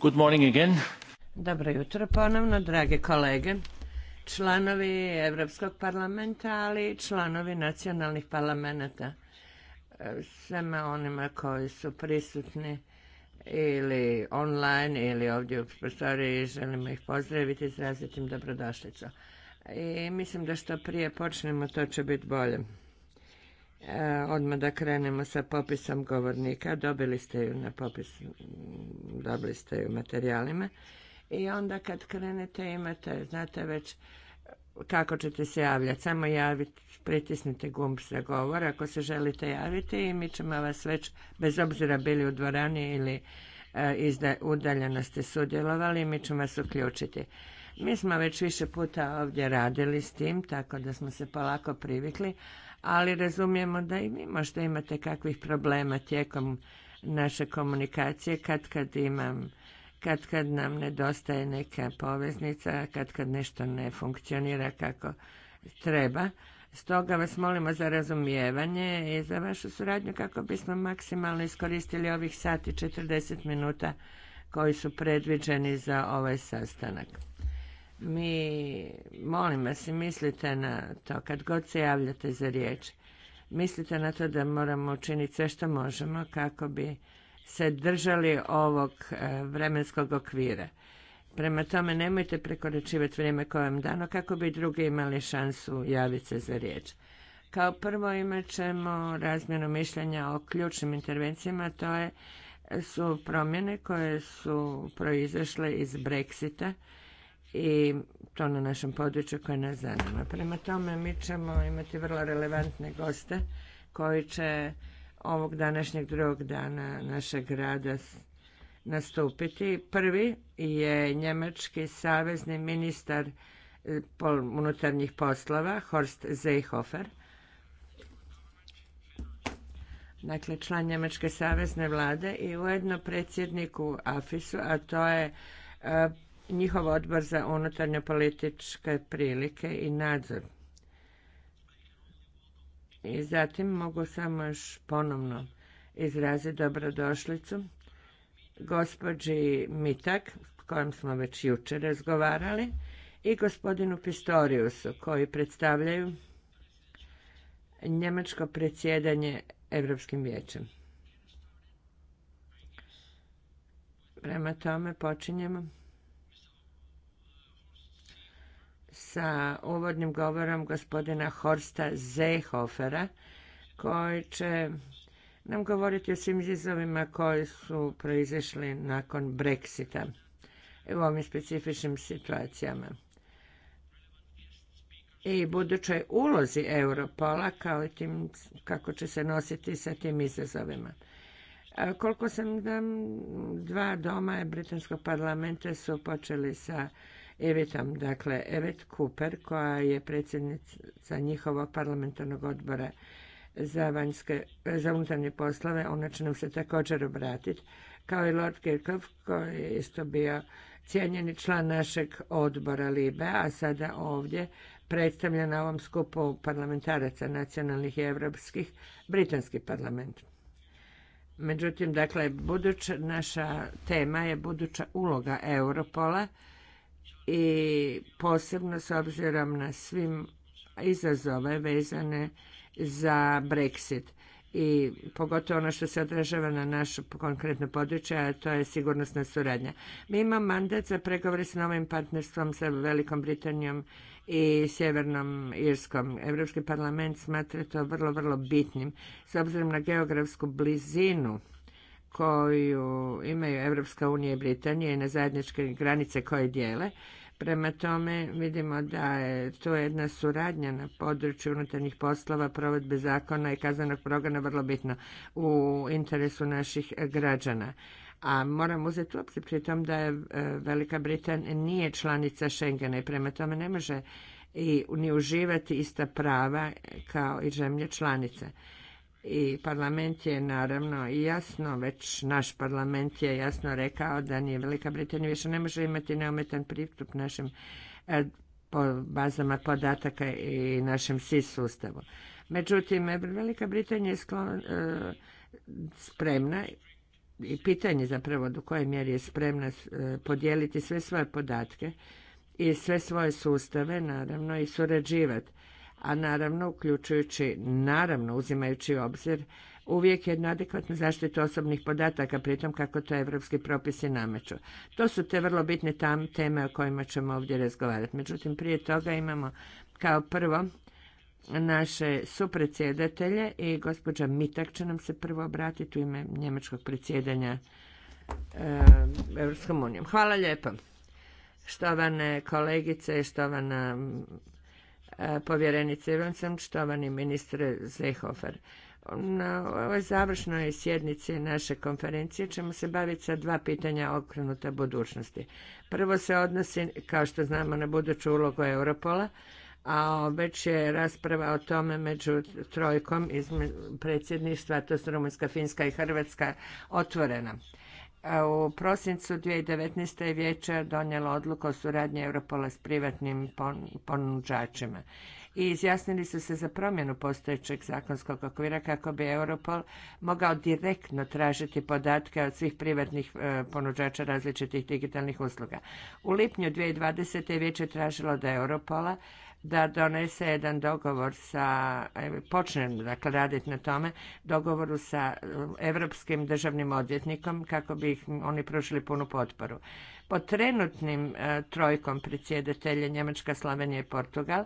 Good Dobro jutro ponovno, drage kolege, članovi Europskog parlamenta, ali i članovi nacionalnih parlamenta. E, Svema onima koji su prisutni ili online ili ovdje u prostoriji želimo ih pozdraviti i izraziti im dobrodošlicu. I mislim da što prije počnemo to će biti bolje. E, odmah da krenemo sa popisom govornika. Dobili ste ju na popis, dobili ste ju materijalima. I onda kad krenete imate, znate već kako ćete se javljati. Samo javiti, pritisnite gumb za govor ako se želite javiti i mi ćemo vas već, bez obzira bili u dvorani ili e, izda, udaljeno ste sudjelovali, mi ćemo vas uključiti. Mi smo već više puta ovdje radili s tim, tako da smo se polako privikli, ali razumijemo da i vi možda imate kakvih problema tijekom naše komunikacije kad kad imam kad kad nam nedostaje neka poveznica, kad kad nešto ne funkcionira kako treba. Stoga vas molimo za razumijevanje i za vašu suradnju kako bismo maksimalno iskoristili ovih sati 40 minuta koji su predviđeni za ovaj sastanak. Mi, molim vas, mislite na to, kad god se javljate za riječ, mislite na to da moramo učiniti sve što možemo kako bi se držali ovog e, vremenskog okvira. Prema tome nemojte prekoračivati vrijeme koje vam dano kako bi drugi imali šansu javiti se za riječ. Kao prvo imat ćemo razmjenu mišljenja o ključnim intervencijama, to je, su promjene koje su proizašle iz Brexita i to na našem području koje nas zanima. Prema tome mi ćemo imati vrlo relevantne goste koji će ovog današnjeg drugog dana našeg rada nastupiti. Prvi je njemački savezni ministar e, unutarnjih poslova Horst Seehofer. Dakle, član Njemačke savezne vlade i ujedno predsjedniku AFIS-u, a to je e, njihov odbor za unutarnje političke prilike i nadzor. I zatim mogu samo još ponovno izraziti dobrodošlicu gospođi Mitak, s kojom smo već jučer razgovarali, i gospodinu Pistoriusu, koji predstavljaju njemačko predsjedanje Europskim vijećem. Prema tome počinjemo. sa uvodnim govorom gospodina Horsta Zehofera koji će nam govoriti o svim izazovima koji su proizašli nakon Brexita u ovim specifičnim situacijama i budućoj ulozi Europola kao i tim kako će se nositi sa tim izazovima. koliko sam dva doma Britanskog parlamenta su počeli sa Evetam, dakle Evet Cooper koja je predsjednica njihovog parlamentarnog odbora za, vanjske, za unutarnje poslove, ona će nam se također obratiti, kao i Lord Kirkov koji je isto bio cijenjeni član našeg odbora Libe, a sada ovdje predstavlja na ovom skupu parlamentaraca nacionalnih i europskih britanski parlament. Međutim, dakle, buduća naša tema je buduća uloga Europola i posebno s obzirom na svim izazove vezane za Brexit i pogotovo ono što se odražava na naše konkretno područje, a to je sigurnosna suradnja. Mi imamo mandat za pregovore s novim partnerstvom sa Velikom Britanijom i Sjevernom Irskom. Europski parlament smatra to vrlo, vrlo bitnim s obzirom na geografsku blizinu koju imaju Evropska unija i Britanija i na zajedničke granice koje dijele Prema tome vidimo da je to jedna suradnja na području unutarnjih poslova, provedbe zakona i kaznenog progona vrlo bitna u interesu naših građana. A moram uzeti u obzir pri tom da je e, Velika Britanija nije članica Schengena i prema tome ne može i ni uživati ista prava kao i zemlje članice i parlament je naravno i jasno, već naš parlament je jasno rekao da nije Velika Britanija više ne može imati neometan pristup našim e, bazama podataka i našem SIS sustavu. Međutim, Velika Britanija je e, spremna i pitanje zapravo do koje mjeri je spremna e, podijeliti sve svoje podatke i sve svoje sustave, naravno, i surađivati a naravno uključujući, naravno uzimajući u obzir uvijek jednu adekvatnu zaštitu osobnih podataka, pritom kako to evropski propisi nameću. To su te vrlo bitne tam, teme o kojima ćemo ovdje razgovarati. Međutim, prije toga imamo kao prvo naše supredsjedatelje i gospođa Mitak će nam se prvo obratiti u ime njemačkog predsjedanja e, Europskom unijom. Hvala lijepo. Štovane kolegice, štovana povjerenice sam štovani ministre Zehofer. Na ovoj završnoj sjednici naše konferencije ćemo se baviti sa dva pitanja okrenuta budućnosti. Prvo se odnosi, kao što znamo, na buduću ulogu Europola, a već je rasprava o tome među trojkom iz predsjedništva, to su Rumunjska, Finska i Hrvatska, otvorena. U prosincu 2019. je vijeće donijelo odluku o suradnji Europola s privatnim ponuđačima i izjasnili su se za promjenu postojećeg zakonskog okvira kako bi Europol mogao direktno tražiti podatke od svih privatnih e, ponuđača različitih digitalnih usluga. U lipnju 2020. je vijeće tražilo da Europola da donese jedan dogovor sa, e, počne dakle raditi na tome, dogovoru sa e, europskim državnim odvjetnikom kako bi ih oni pružili punu potporu. Po trenutnim e, trojkom predsjedatelja Njemačka, Slovenija i Portugal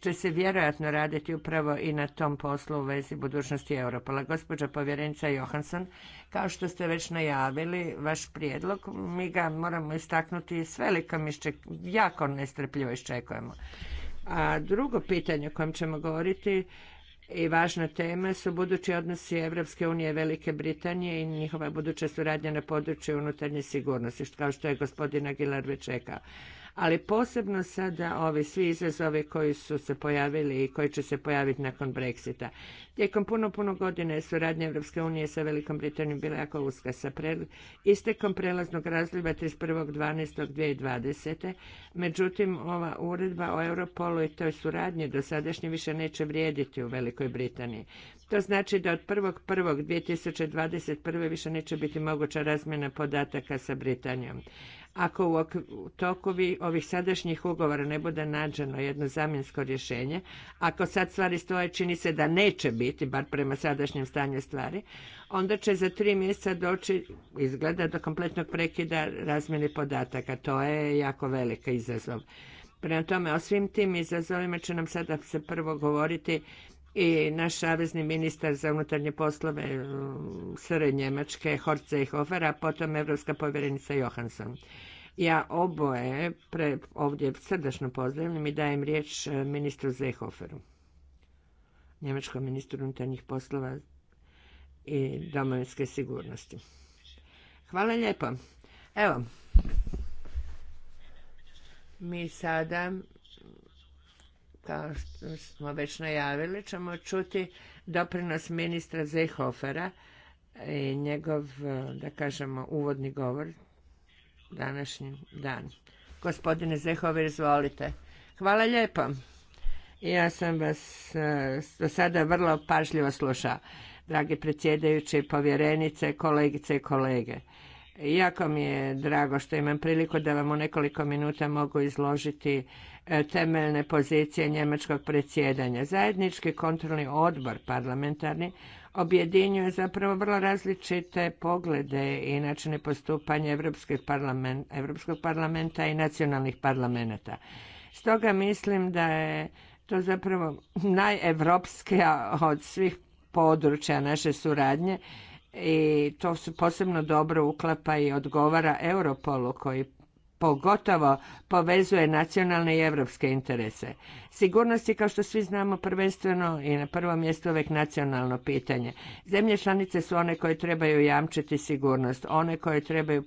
će se vjerojatno raditi upravo i na tom poslu u vezi budućnosti Europola. Gospođa povjerenica Johansson, kao što ste već najavili, vaš prijedlog, mi ga moramo istaknuti s velikom, jako nestrpljivo iščekujemo. A drugo pitanje o kojem ćemo govoriti i važna tema su budući odnosi Evropske unije i Velike Britanije i njihova buduća suradnja na području unutarnje sigurnosti, kao što je gospodin Aguilar već rekao ali posebno sada ovi svi izazovi koji su se pojavili i koji će se pojaviti nakon Brexita. Tijekom puno, puno godine je suradnja Europske unije sa Velikom Britanijom bila jako uska sa pre... istekom prelaznog tisuće 31.12.2020. Međutim, ova uredba o Europolu i toj suradnji do sadašnje više neće vrijediti u Velikoj Britaniji. To znači da od 1.1.2021. više neće biti moguća razmjena podataka sa Britanijom. Ako u tokovi ovih sadašnjih ugovora ne bude nađeno jedno zamjensko rješenje, ako sad stvari stoje, čini se da neće biti, bar prema sadašnjem stanju stvari, onda će za tri mjeseca doći, izgleda, do kompletnog prekida razmjene podataka. To je jako velika izazov. Prema tome, o svim tim izazovima će nam sada se prvo govoriti i naš savezni ministar za unutarnje poslove um, SR Njemačke, Horce i a potom Evropska povjerenica Johansson. Ja oboje pre, ovdje srdačno pozdravljam i dajem riječ e, ministru Zehoferu, njemačkom ministru unutarnjih poslova i domovinske sigurnosti. Hvala lijepo. Evo, mi sada, kao što smo već najavili, ćemo čuti doprinos ministra Zehofera i njegov, e, da kažemo, uvodni govor današnji dan. Gospodine Zehovi, izvolite. Hvala lijepo. Ja sam vas e, do sada vrlo pažljivo slušao, dragi predsjedajući, povjerenice, kolegice i kolege. Jako mi je drago što imam priliku da vam u nekoliko minuta mogu izložiti e, temeljne pozicije njemačkog predsjedanja. Zajednički kontrolni odbor parlamentarni objedinjuje zapravo vrlo različite poglede i načine postupanja Europskog parlamenta i nacionalnih parlamenta. Stoga mislim da je to zapravo najevropskija od svih područja naše suradnje i to se posebno dobro uklapa i odgovara Europolu koji pogotovo povezuje nacionalne i europske interese. Sigurnost je, kao što svi znamo, prvenstveno i na prvom mjestu uvijek nacionalno pitanje. Zemlje članice su one koje trebaju jamčiti sigurnost, one koje trebaju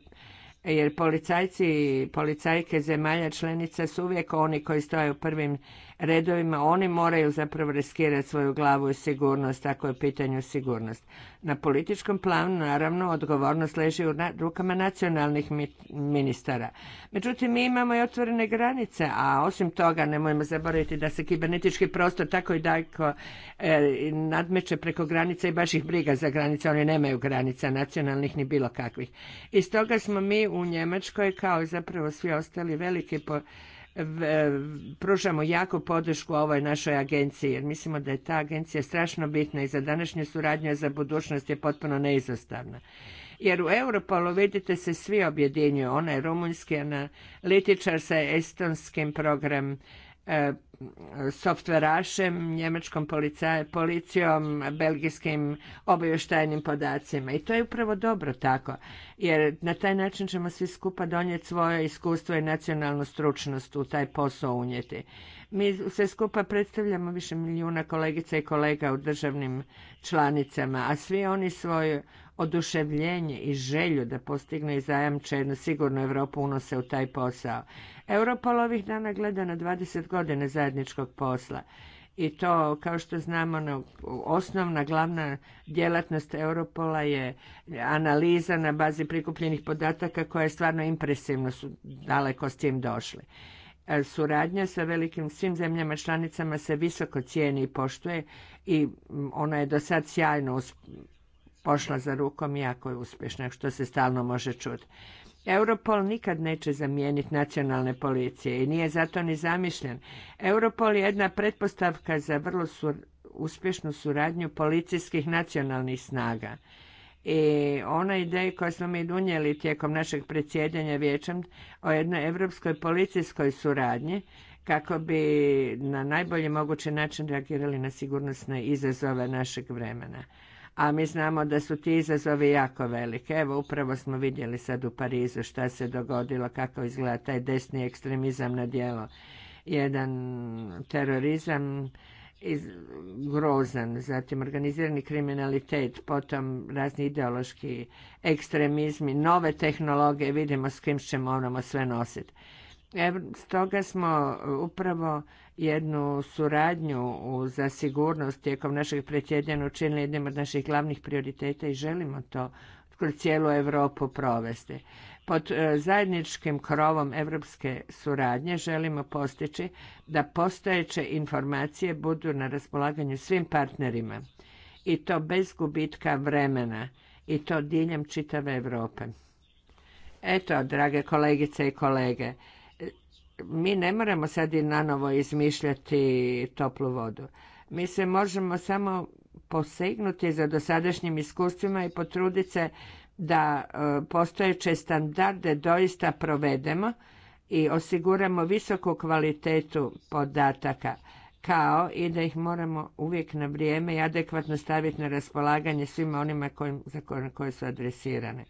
jer policajci i policajke zemalja članica su uvijek oni koji stoje u prvim redovima, oni moraju zapravo riskirati svoju glavu i sigurnost, tako je pitanju sigurnost. Na političkom planu, naravno, odgovornost leži u rukama nacionalnih ministara. Međutim, mi imamo i otvorene granice, a osim toga, nemojmo zaboraviti da se kibernetički prostor tako i dajko e, nadmeće preko granica i baš ih briga za granice, oni nemaju granica nacionalnih ni bilo kakvih. I stoga smo mi u Njemačkoj, kao i zapravo svi ostali veliki po, E, pružamo jaku podršku ovoj našoj agenciji jer mislimo da je ta agencija strašno bitna i za današnju suradnju, za budućnost je potpuno neizostavna. Jer u Europolu, vidite, se svi objedinjuju. je rumunjski analitičar sa estonskim program e, softverašem, njemačkom policijom, belgijskim obavještajnim podacima. I to je upravo dobro tako, jer na taj način ćemo svi skupa donijeti svoje iskustvo i nacionalnu stručnost u taj posao unijeti. Mi sve skupa predstavljamo više milijuna kolegica i kolega u državnim članicama, a svi oni svoju oduševljenje i želju da postigne i zajamče jednu sigurnu Europu unose u taj posao. Europol ovih dana gleda na 20 godine zajedničkog posla i to kao što znamo ono, osnovna glavna djelatnost Europola je analiza na bazi prikupljenih podataka koja je stvarno impresivno su daleko s tim došli. E, suradnja sa velikim svim zemljama članicama se visoko cijeni i poštuje i ona je do sad sjajno pošla za rukom jako je uspješna, što se stalno može čuti. Europol nikad neće zamijeniti nacionalne policije i nije zato ni zamišljen. Europol je jedna pretpostavka za vrlo uspješnu suradnju policijskih nacionalnih snaga. I ona ideja koju smo mi donijeli tijekom našeg predsjedanja vijećem o jednoj europskoj policijskoj suradnji kako bi na najbolji mogući način reagirali na sigurnosne izazove našeg vremena a mi znamo da su ti izazovi jako velike. Evo, upravo smo vidjeli sad u Parizu šta se dogodilo, kako izgleda taj desni ekstremizam na dijelo. Jedan terorizam iz, grozan, zatim organizirani kriminalitet, potom razni ideološki ekstremizmi, nove tehnologije, vidimo s kim ćemo ono sve nositi. Stoga smo e, upravo jednu suradnju za sigurnost tijekom našeg predsjedanja učinili jednim od naših glavnih prioriteta i želimo to kroz cijelu Europu provesti. Pod e, zajedničkim krovom europske suradnje želimo postići da postojeće informacije budu na raspolaganju svim partnerima i to bez gubitka vremena i to diljem čitave Europe. Eto, drage kolegice i kolege, mi ne moramo sad i nanovo izmišljati toplu vodu. Mi se možemo samo posegnuti za dosadašnjim iskustvima i potruditi se da e, postojeće standarde doista provedemo i osiguramo visoku kvalitetu podataka kao i da ih moramo uvijek na vrijeme i adekvatno staviti na raspolaganje svima onima za koje su adresirane.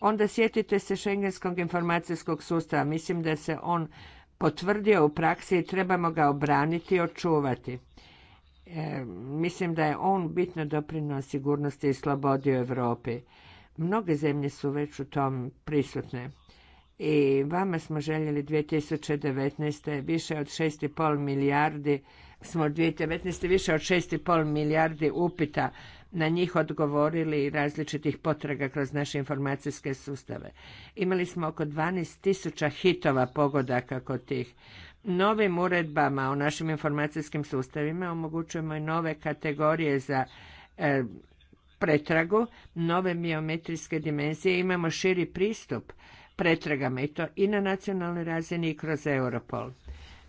Onda sjetite se šengenskog informacijskog sustava. Mislim da se on potvrdio u praksi i trebamo ga obraniti i očuvati. E, mislim da je on bitno doprinuo sigurnosti i slobodi u Europi. Mnoge zemlje su već u tom prisutne. I vama smo željeli 2019. više od 6,5 milijardi smo 2019. više od 6,5 milijardi upita na njih odgovorili različitih potraga kroz naše informacijske sustave. Imali smo oko 12.000 hitova pogodaka kod tih. Novim uredbama o našim informacijskim sustavima omogućujemo i nove kategorije za e, pretragu, nove biometrijske dimenzije, imamo širi pristup pretragama i to i na nacionalnoj razini i kroz Europol.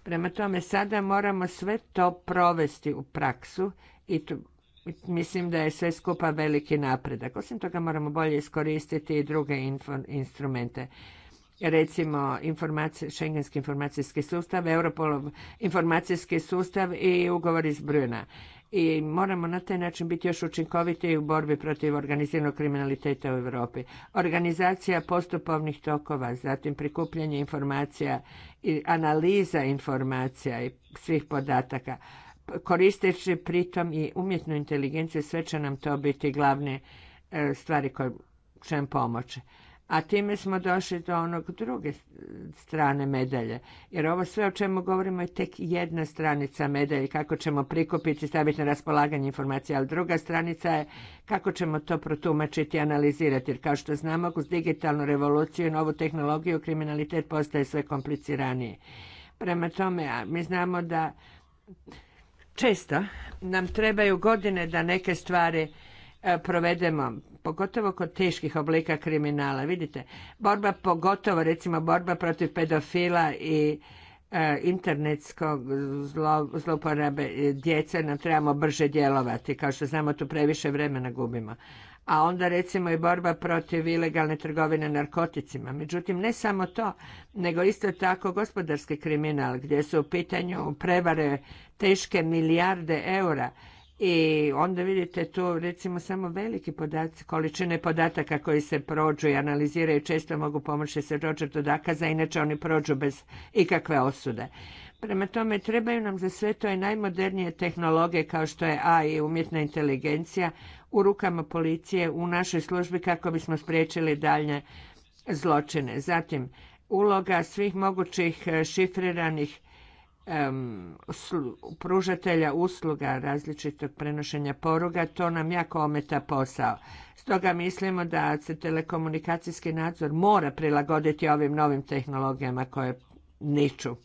Prema tome, sada moramo sve to provesti u praksu i mislim da je sve skupa veliki napredak. Osim toga moramo bolje iskoristiti i druge instrumente. Recimo, Schengenski informacijski sustav, Europolov informacijski sustav i ugovor iz Bruna. I moramo na taj način biti još učinkoviti u borbi protiv organiziranog kriminaliteta u Europi. Organizacija postupovnih tokova, zatim prikupljanje informacija i analiza informacija i svih podataka koristeći pritom i umjetnu inteligenciju, sve će nam to biti glavne e, stvari koje će nam pomoći. A time smo došli do onog druge strane medalje. Jer ovo sve o čemu govorimo je tek jedna stranica medalje, kako ćemo prikupiti i staviti na raspolaganje informacije, ali druga stranica je kako ćemo to protumačiti i analizirati. Jer kao što znamo, uz digitalnu revoluciju i novu tehnologiju, kriminalitet postaje sve kompliciranije. Prema tome, mi znamo da često nam trebaju godine da neke stvari e, provedemo, pogotovo kod teških oblika kriminala. Vidite, borba pogotovo recimo borba protiv pedofila i e, internetskog zlouporabe djece nam trebamo brže djelovati. Kao što znamo tu previše vremena gubimo a onda recimo i borba protiv ilegalne trgovine narkoticima. Međutim, ne samo to, nego isto tako gospodarski kriminal gdje su u pitanju prevare teške milijarde eura i onda vidite tu recimo samo veliki podaci, količine podataka koji se prođu i analiziraju često mogu pomoći se dođe do dakaza, inače oni prođu bez ikakve osude. Prema tome, trebaju nam za sve to i najmodernije tehnologije kao što je AI i umjetna inteligencija u rukama policije u našoj službi kako bismo spriječili dalje zločine. Zatim, uloga svih mogućih e, šifriranih pružatelja usluga različitog prenošenja poruga, to nam jako ometa posao. Stoga mislimo da se telekomunikacijski nadzor mora prilagoditi ovim novim tehnologijama koje niču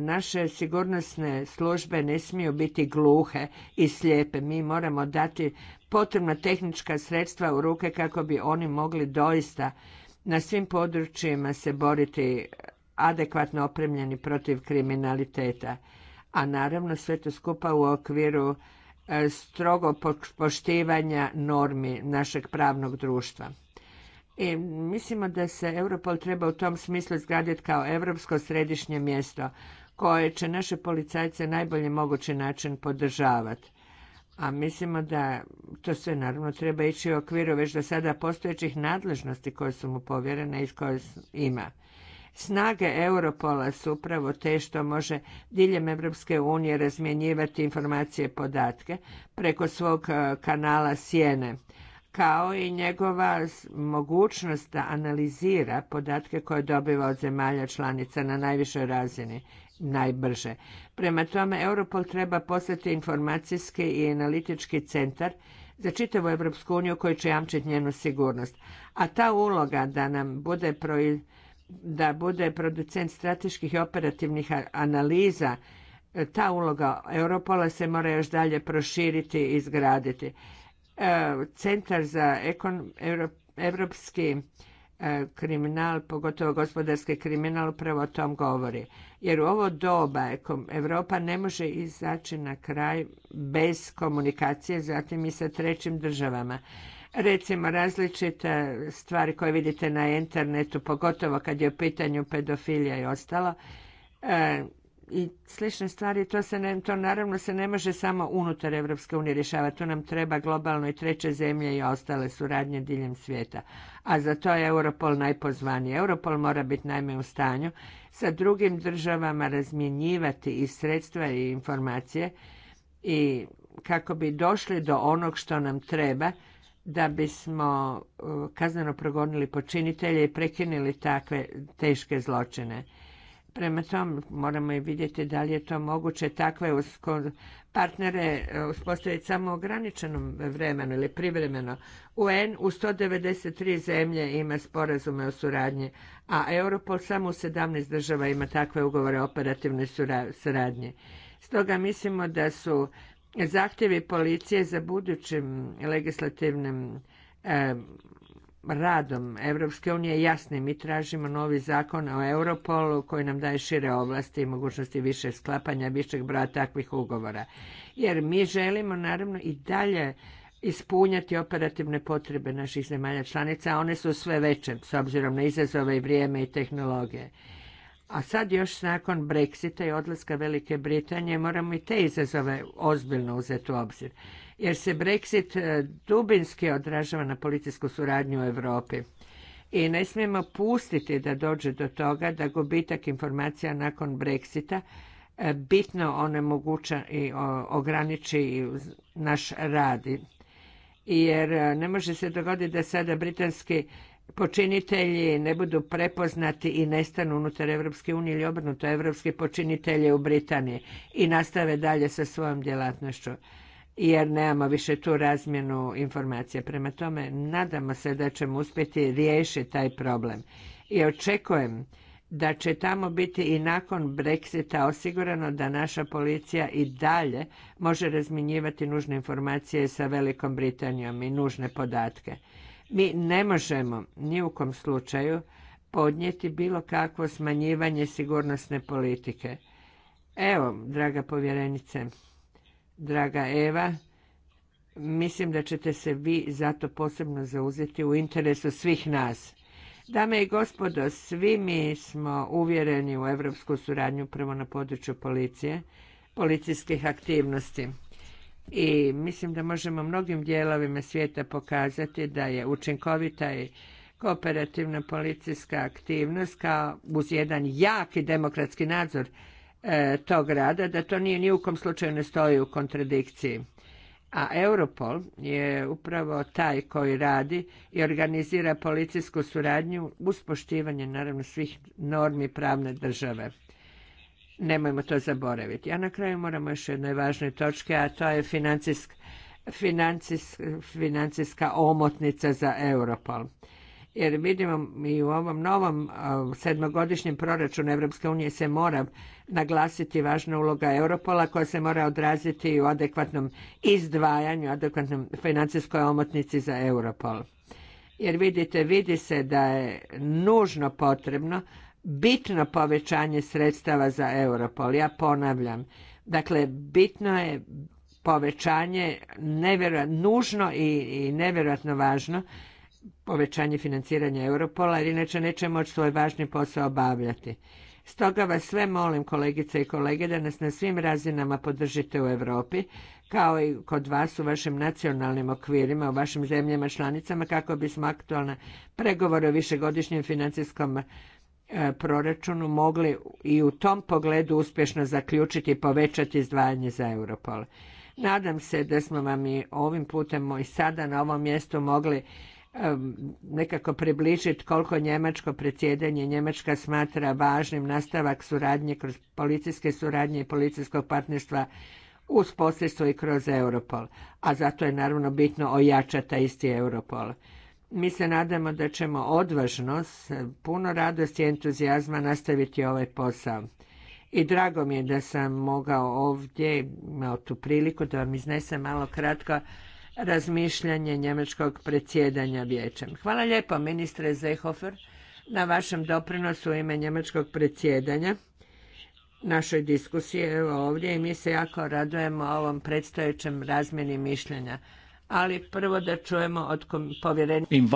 naše sigurnosne službe ne smiju biti gluhe i slijepe. Mi moramo dati potrebna tehnička sredstva u ruke kako bi oni mogli doista na svim područjima se boriti adekvatno opremljeni protiv kriminaliteta. A naravno sve to skupa u okviru e, strogo poštivanja normi našeg pravnog društva. I mislimo da se Europol treba u tom smislu zgraditi kao europsko središnje mjesto koje će naše policajce najbolji mogući način podržavati. A mislimo da to sve naravno treba ići u okviru već do sada postojećih nadležnosti koje su mu povjerene i koje ima. Snage Europola su upravo te što može diljem Europske unije razmjenjivati informacije i podatke preko svog eh, kanala Sijene kao i njegova mogućnost da analizira podatke koje dobiva od zemalja članica na najvišoj razini najbrže. Prema tome, Europol treba postati informacijski i analitički centar za čitavu Europsku uniju koji će jamčiti njenu sigurnost. A ta uloga da nam bude da bude producent strateških i operativnih analiza, e, ta uloga Europola se mora još dalje proširiti i izgraditi. E, Centar za europski e, kriminal, pogotovo gospodarski kriminal, upravo o tom govori. Jer u ovo doba Europa ne može izaći na kraj bez komunikacije, zatim i sa trećim državama. Recimo različite stvari koje vidite na internetu, pogotovo kad je u pitanju pedofilija i ostalo, e, i slične stvari, to, se to naravno se ne može samo unutar Europske unije rješavati. To nam treba globalno i treće zemlje i ostale suradnje diljem svijeta. A za to je Europol najpozvaniji. Europol mora biti najme u stanju sa drugim državama razmjenjivati i sredstva i informacije i kako bi došli do onog što nam treba da bismo uh, kazneno progonili počinitelje i prekinili takve teške zločine Prema tom moramo i vidjeti da li je to moguće takve partnere e, uspostaviti samo u ograničenom vremenu ili privremeno. UN u 193 zemlje ima sporazume o suradnji, a Europol samo u 17 država ima takve ugovore o operativnoj suradnji. Stoga mislimo da su zahtjevi policije za budućim legislativnim e, radom Evropske unije jasni. Mi tražimo novi zakon o Europolu koji nam daje šire ovlasti i mogućnosti više sklapanja, višeg broja takvih ugovora. Jer mi želimo naravno i dalje ispunjati operativne potrebe naših zemalja članica, a one su sve veće s obzirom na izazove i vrijeme i tehnologije. A sad još nakon Brexita i odlaska Velike Britanije moramo i te izazove ozbiljno uzeti u obzir jer se Brexit e, dubinski odražava na policijsku suradnju u Europi. I ne smijemo pustiti da dođe do toga da gubitak informacija nakon Brexita e, bitno onemoguća i ograniči naš rad. Jer e, ne može se dogoditi da sada britanski počinitelji ne budu prepoznati i nestanu unutar Europske unije ili obrnuto europski počinitelje u Britaniji i nastave dalje sa svojom djelatnošću jer nemamo više tu razmjenu informacija. Prema tome, nadamo se da ćemo uspjeti riješiti taj problem. I očekujem da će tamo biti i nakon Brexita osigurano da naša policija i dalje može razminjivati nužne informacije sa Velikom Britanijom i nužne podatke. Mi ne možemo ni u kom slučaju podnijeti bilo kakvo smanjivanje sigurnosne politike. Evo, draga povjerenice, draga Eva, mislim da ćete se vi zato posebno zauzeti u interesu svih nas. Dame i gospodo, svi mi smo uvjereni u evropsku suradnju prvo na području policije, policijskih aktivnosti. I mislim da možemo mnogim dijelovima svijeta pokazati da je učinkovita i kooperativna policijska aktivnost kao uz jedan jaki demokratski nadzor e, tog rada, da to nije ni u kom slučaju ne stoji u kontradikciji. A Europol je upravo taj koji radi i organizira policijsku suradnju uz poštivanje naravno svih normi pravne države. Nemojmo to zaboraviti. A na kraju moramo još jednoj važnoj točke, a to je financijska financijska omotnica za Europol. Jer vidimo i u ovom novom sedmogodišnjem proračunu Europske unije se mora naglasiti važna uloga Europola koja se mora odraziti u adekvatnom izdvajanju, adekvatnom financijskoj omotnici za Europol. Jer vidite, vidi se da je nužno potrebno bitno povećanje sredstava za Europol. Ja ponavljam, dakle bitno je povećanje, nužno i, i nevjerojatno važno povećanje financiranja Europola jer inače neće moći svoj važni posao obavljati. Stoga vas sve molim, kolegice i kolege, da nas na svim razinama podržite u Europi, kao i kod vas u vašim nacionalnim okvirima, u vašim zemljama članicama, kako bismo aktualne pregovore o višegodišnjem financijskom e, proračunu mogli i u tom pogledu uspješno zaključiti i povećati izdvajanje za Europol. Nadam se da smo vam i ovim putem i sada na ovom mjestu mogli nekako približiti koliko njemačko predsjedanje Njemačka smatra važnim nastavak suradnje kroz policijske suradnje i policijskog partnerstva uz posljedstvo i kroz Europol. A zato je naravno bitno ojačati taj isti Europol. Mi se nadamo da ćemo odvažno, puno radosti i entuzijazma nastaviti ovaj posao. I drago mi je da sam mogao ovdje, imao tu priliku da vam iznesem malo kratko razmišljanje njemačkog predsjedanja vijećem. Hvala lijepo ministre Zehofer na vašem doprinosu u ime njemačkog predsjedanja našoj diskusiji evo ovdje i mi se jako radujemo ovom predstojećem razmjeni mišljenja. Ali prvo da čujemo od povjerenika.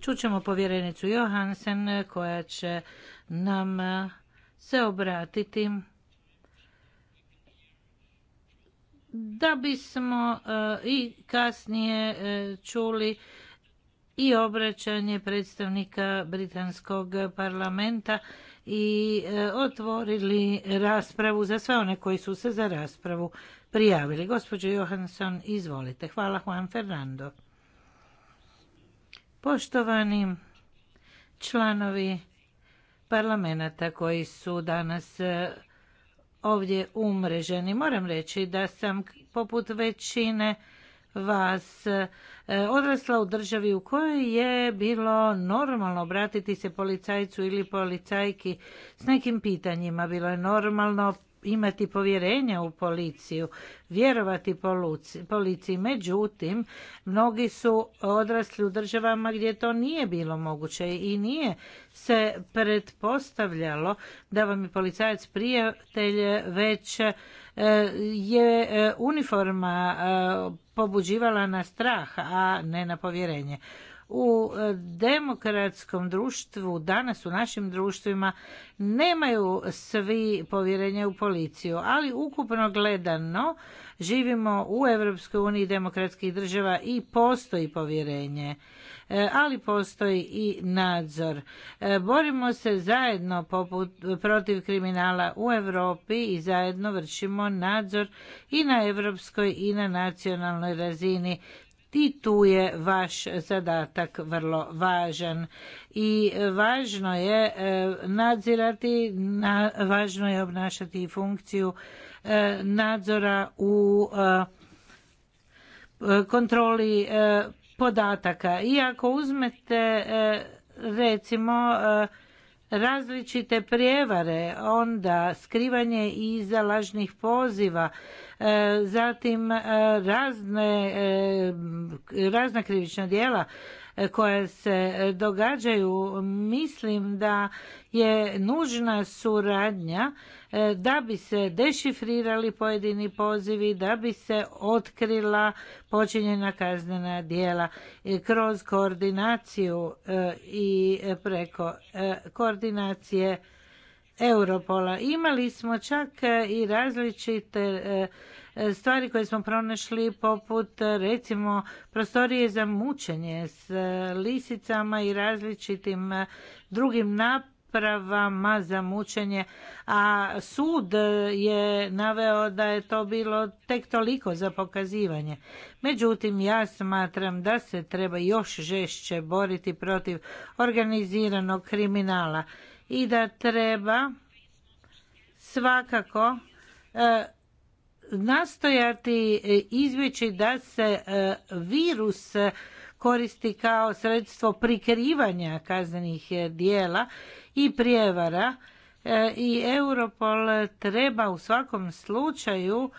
Čućemo povjerenicu Johansen eh, koja će nam eh, se obratiti da bismo e, i kasnije e, čuli i obraćanje predstavnika britanskog parlamenta i e, otvorili raspravu za sve one koji su se za raspravu prijavili. Gospođo Johansson, izvolite. Hvala Juan Fernando. Poštovani članovi parlamenta koji su danas ovdje umreženi. Moram reći da sam poput većine vas e, odrasla u državi u kojoj je bilo normalno obratiti se policajcu ili policajki s nekim pitanjima. Bilo je normalno imati povjerenja u policiju, vjerovati policiji. Međutim, mnogi su odrasli u državama gdje to nije bilo moguće i nije se pretpostavljalo da vam je policajac prijatelj već e, je e, uniforma e, pobuđivala na strah, a ne na povjerenje u e, demokratskom društvu, danas u našim društvima, nemaju svi povjerenje u policiju, ali ukupno gledano živimo u Europskoj uniji demokratskih država i postoji povjerenje e, ali postoji i nadzor. E, borimo se zajedno poput, protiv kriminala u Europi i zajedno vršimo nadzor i na europskoj i na nacionalnoj razini i tu je vaš zadatak vrlo važan. I važno je e, nadzirati, važno je obnašati funkciju e, nadzora u e, kontroli podataka. I ako uzmete recimo različite prijevare, onda skrivanje iza lažnih poziva, E, zatim e, razne, e, razna krivična djela koja se događaju mislim da je nužna suradnja da bi se dešifrirali pojedini pozivi da bi se otkrila počinjena kaznena djela kroz koordinaciju i preko koordinacije Europola. Imali smo čak e, i različite e, stvari koje smo pronašli poput e, recimo prostorije za mučenje s lisicama i različitim drugim napravama za mučenje, a sud je naveo da je to bilo tek toliko za pokazivanje. Međutim, ja smatram da se treba još žešće boriti protiv organiziranog kriminala i da treba svakako e, nastojati e, izbjeći da se e, virus koristi kao sredstvo prikrivanja kaznenih dijela i prijevara i Europol treba u svakom slučaju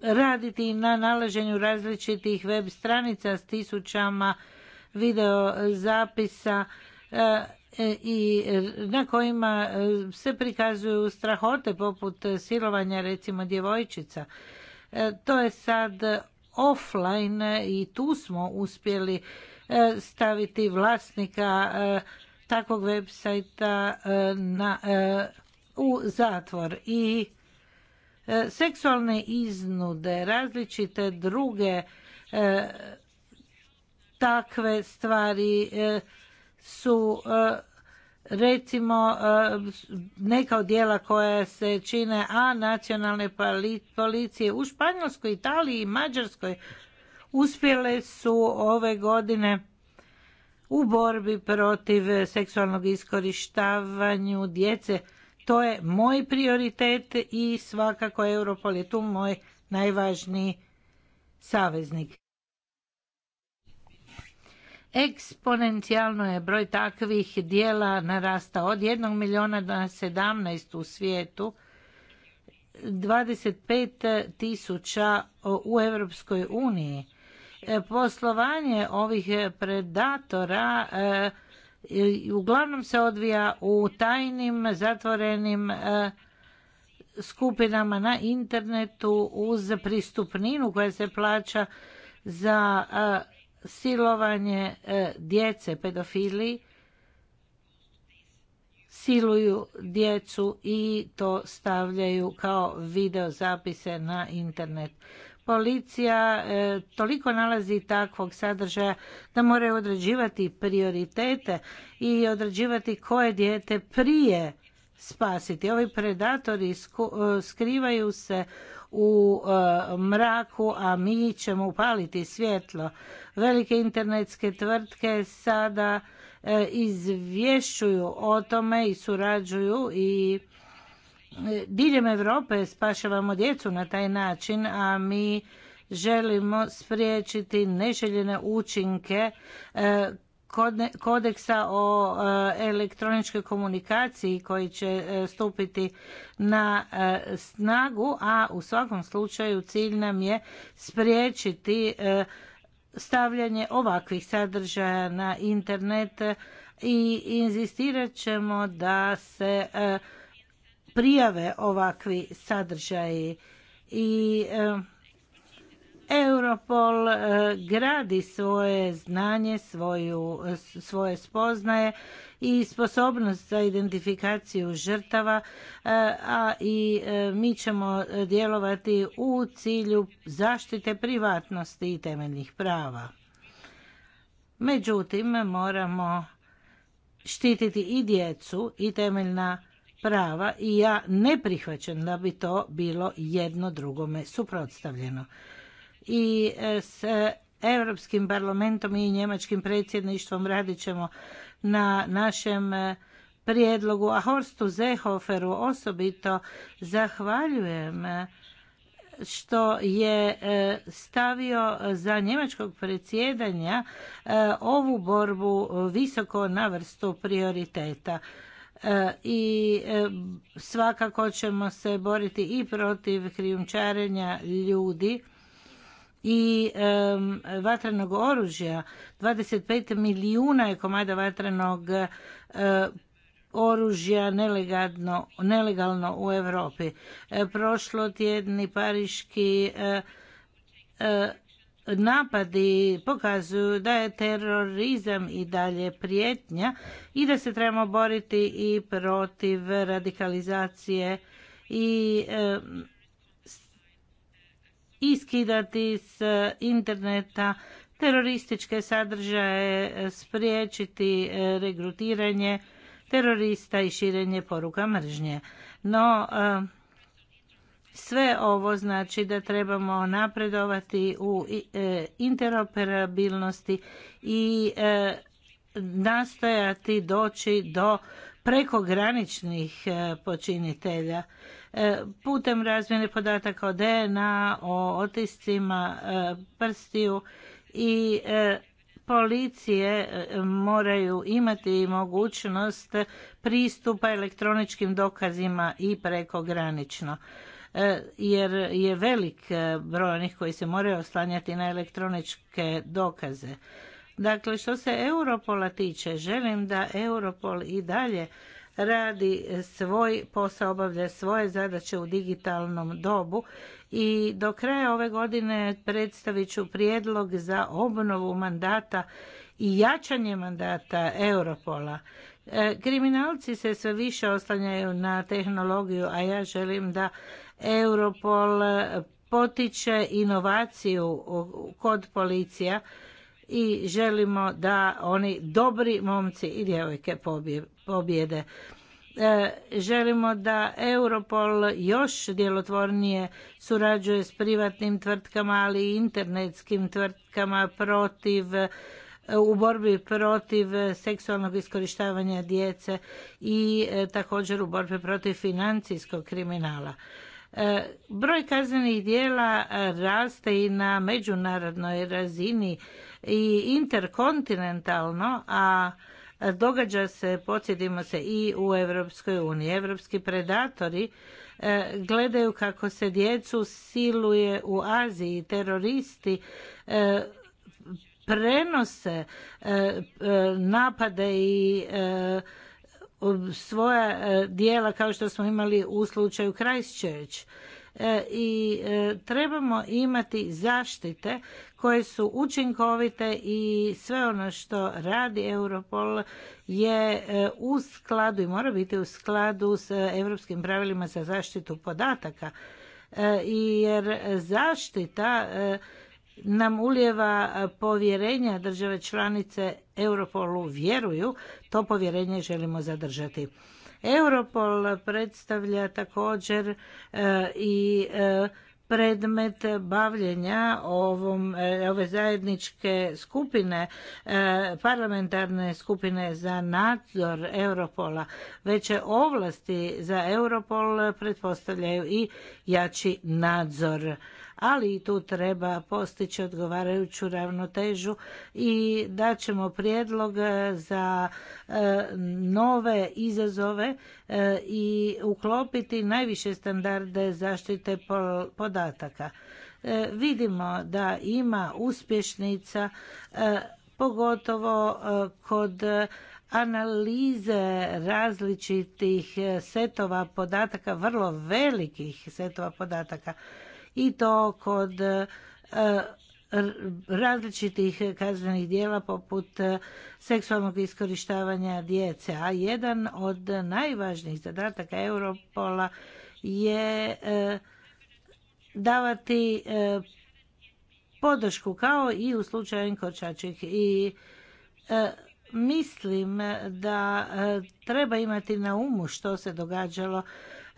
raditi na nalaženju različitih web stranica s tisućama video zapisa E, i na kojima e, se prikazuju strahote poput silovanja recimo djevojčica. E, to je sad offline i tu smo uspjeli staviti vlasnika takvog websajta u zatvor i seksualne iznude, različite druge takve stvari su e, recimo e, neka od dijela koja se čine a nacionalne policije u Španjolskoj, Italiji i Mađarskoj uspjele su ove godine u borbi protiv seksualnog iskorištavanja djece. To je moj prioritet i svakako Europol je tu moj najvažniji saveznik. Eksponencijalno je broj takvih dijela narastao od jednog milijuna na 17 u svijetu, 25 tisuća u Europskoj uniji. E, poslovanje ovih predatora e, uglavnom se odvija u tajnim zatvorenim e, skupinama na internetu uz pristupninu koja se plaća za silovanje e, djece, pedofili siluju djecu i to stavljaju kao videozapise na internet. Policija e, toliko nalazi takvog sadržaja da moraju određivati prioritete i određivati koje dijete prije spasiti. Ovi predatori e, skrivaju se u e, mraku, a mi ćemo upaliti svjetlo. Velike internetske tvrtke sada e, izvješćuju o tome i surađuju i diljem Europe spašavamo djecu na taj način, a mi želimo spriječiti neželjene učinke kodeksa o e, elektroničkoj komunikaciji koji će e, stupiti na e, snagu, a u svakom slučaju cilj nam je spriječiti stavljanje ovakvih sadržaja na internet i inzistirat ćemo da se prijave ovakvi sadržaji i Europol e, gradi svoje znanje, svoje spoznaje i sposobnost za identifikaciju žrtava, e, a i e, mi ćemo djelovati u cilju zaštite privatnosti i temeljnih prava. Međutim, moramo štititi i djecu i temeljna prava i ja ne prihvaćam da bi to bilo jedno drugome suprotstavljeno i e, s Europskim parlamentom i njemačkim predsjedništvom radit ćemo na našem e, prijedlogu, a Horstu Zehoferu osobito zahvaljujem e, što je stavio za njemačkog predsjedanja ovu borbu visoko na vrstu prioriteta. I svakako ćemo se boriti i protiv krijumčarenja ljudi i vatrenog oružja. 25 milijuna je komada vatrenog e, oružja nelegalno, nelegalno u Europi. E, Prošlo tjedni pariški e, napadi pokazuju da je terorizam i dalje prijetnja i da se trebamo boriti i protiv radikalizacije i iskidati s interneta terorističke sadržaje, e, spriječiti e, regrutiranje terorista i širenje poruka mržnje. No, e, sve ovo znači da trebamo napredovati u interoperabilnosti i nastojati doći do prekograničnih počinitelja. E, putem razmjene podataka o DNA, o otiscima e, prstiju i e, policije moraju imati mogućnost pristupa elektroničkim dokazima i prekogranično jer je velik broj onih koji se moraju oslanjati na elektroničke dokaze. Dakle, što se Europola tiče, želim da Europol i dalje radi svoj posao, obavlja svoje zadaće u digitalnom dobu i do kraja ove godine predstavit ću prijedlog za obnovu mandata i jačanje mandata Europola. E, kriminalci se sve više oslanjaju na tehnologiju, a ja želim da Europol potiče inovaciju kod policija i želimo da oni dobri momci i djevojke pobjede. E, želimo da Europol još djelotvornije surađuje s privatnim tvrtkama, ali i internetskim tvrtkama protiv u borbi protiv seksualnog iskorištavanja djece i e, također u borbi protiv financijskog kriminala. E, broj kaznenih dijela raste i na međunarodnoj razini i interkontinentalno, a događa se, podsjetimo se, i u Europskoj uniji. Europski predatori e, gledaju kako se djecu siluje u Aziji, teroristi e, prenose e, napade i svoja dijela kao što smo imali u slučaju Christchurch E, i e, trebamo imati zaštite koje su učinkovite i sve ono što radi Europol je e, u skladu i mora biti u skladu s europskim pravilima za zaštitu podataka. Jer zaštita nam uljeva povjerenja države članice Europolu vjeruju, to povjerenje želimo zadržati. Europol predstavlja također e, i e, predmet bavljenja ovom, e, ove zajedničke skupine, parlamentarne skupine za nadzor Europola. Veće ovlasti za Europol pretpostavljaju i jači nadzor ali i tu treba postići odgovarajuću ravnotežu i daćemo prijedlog e, za e, nove izazove e, i uklopiti najviše standarde zaštite podataka. Vidimo da ima uspješnica pogotovo kod analize različitih setova podataka, vrlo velikih setova podataka i to kod e, različitih kaznenih dijela poput e, seksualnog iskorištavanja djece. A jedan od najvažnijih zadataka Europola je e, davati podršku kao i u slučaju enkočačih. i mislim da treba imati na umu što se događalo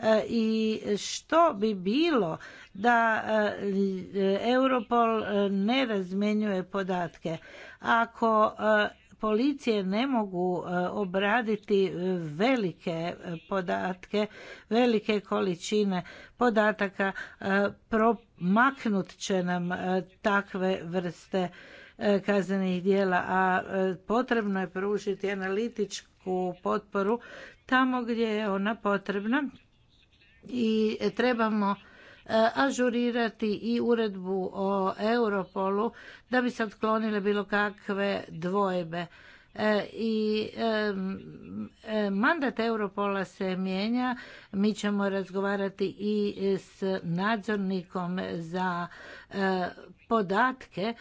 E, i što bi bilo da e, Europol e, ne razmjenjuje podatke. Ako policije ne mogu obraditi velike podatke, velike količine podataka, promaknut će nam takve vrste kaznenih dijela, a potrebno je pružiti analitičku potporu tamo gdje je ona potrebna i trebamo e, ažurirati i uredbu o Europolu da bi se otklonile bilo kakve dvojbe. E, I e, mandat Europola se mijenja, mi ćemo razgovarati i s nadzornikom za podatke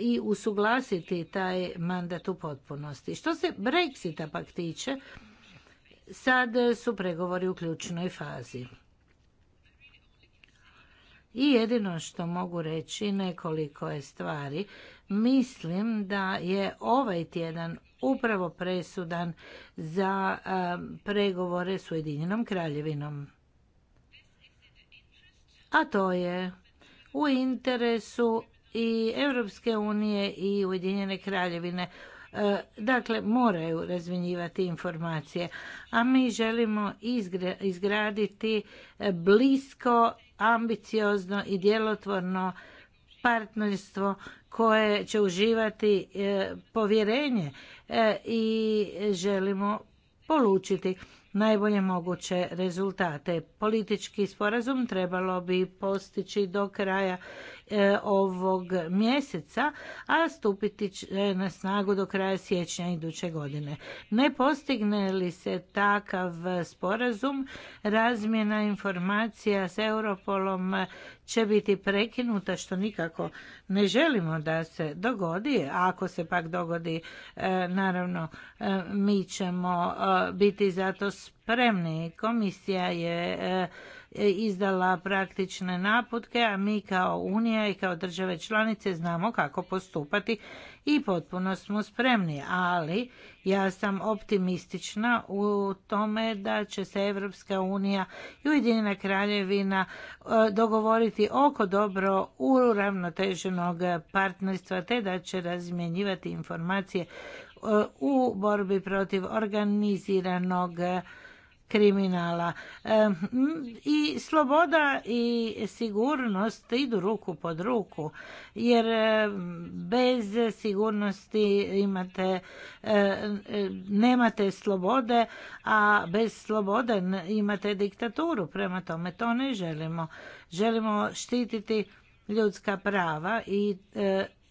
i usuglasiti taj mandat u potpunosti. Što se Brexita pak tiče, Sad su pregovori u ključnoj fazi. I jedino što mogu reći nekoliko je stvari. Mislim da je ovaj tjedan upravo presudan za pregovore s Ujedinjenom kraljevinom. A to je u interesu i Europske unije i Ujedinjene kraljevine Dakle, moraju razvinjivati informacije, a mi želimo izgraditi e, blisko, ambiciozno i djelotvorno partnerstvo koje će uživati e, povjerenje e, i želimo polučiti najbolje moguće rezultate. Politički sporazum trebalo bi postići do kraja E, ovog mjeseca, a stupiti na snagu do kraja siječnja iduće godine. Ne postigne li se takav sporazum, razmjena informacija s Europolom će biti prekinuta što nikako ne želimo da se dogodi. ako se pak dogodi, e, naravno e, mi ćemo biti zato spremni. Komisija je E, izdala praktične naputke, a mi kao Unija i kao države članice znamo kako postupati i potpuno smo spremni, ali ja sam optimistična u tome da će se Evropska unija i Ujedinjena kraljevina e, dogovoriti oko dobro uravnoteženog partnerstva te da će razmjenjivati informacije e, u borbi protiv organiziranog kriminala. I sloboda i sigurnost idu ruku pod ruku, jer bez sigurnosti imate, nemate slobode, a bez slobode imate diktaturu. Prema tome to ne želimo. Želimo štititi ljudska prava i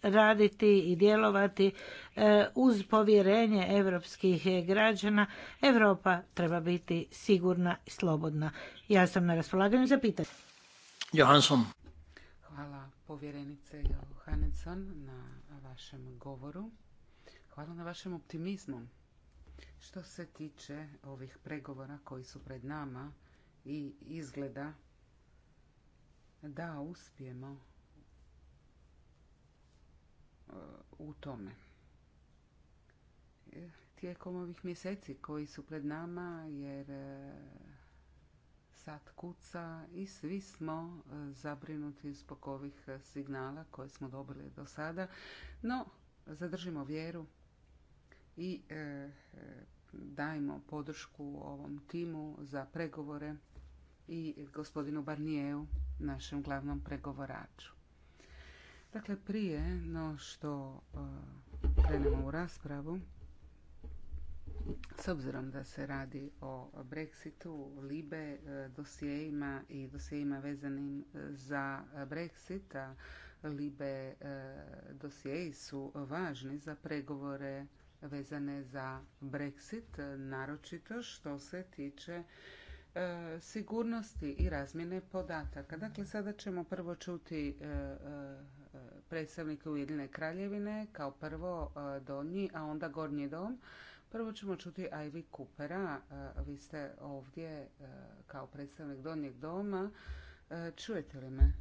raditi i djelovati e, uz povjerenje europskih građana. Europa treba biti sigurna i slobodna. Ja sam na raspolaganju za pitanje. Johansson. Hvala povjerenice Johansson na vašem govoru. Hvala na vašem optimizmu. Što se tiče ovih pregovora koji su pred nama i izgleda da uspijemo u tome. E, tijekom ovih mjeseci koji su pred nama, jer e, sad kuca i svi smo e, zabrinuti zbog ovih signala koje smo dobili do sada. No, zadržimo vjeru i dajmo podršku ovom timu za pregovore i gospodinu Barnijevu, našem glavnom pregovoraču. Dakle, prije no što e, krenemo u raspravu, s obzirom da se radi o Brexitu, Libe e, dosijejima i dosijejima vezanim e, za Brexit, Libe dosijeji su važni za pregovore vezane za Brexit, naročito što se tiče sigurnosti i razmjene podataka. Dakle, sada ćemo prvo čuti predstavnike Ujedine kraljevine, kao prvo e, donji, a onda gornji dom. Prvo ćemo čuti Ivy Coopera, e, vi ste ovdje e, kao predstavnik donjeg doma. Čujete li me?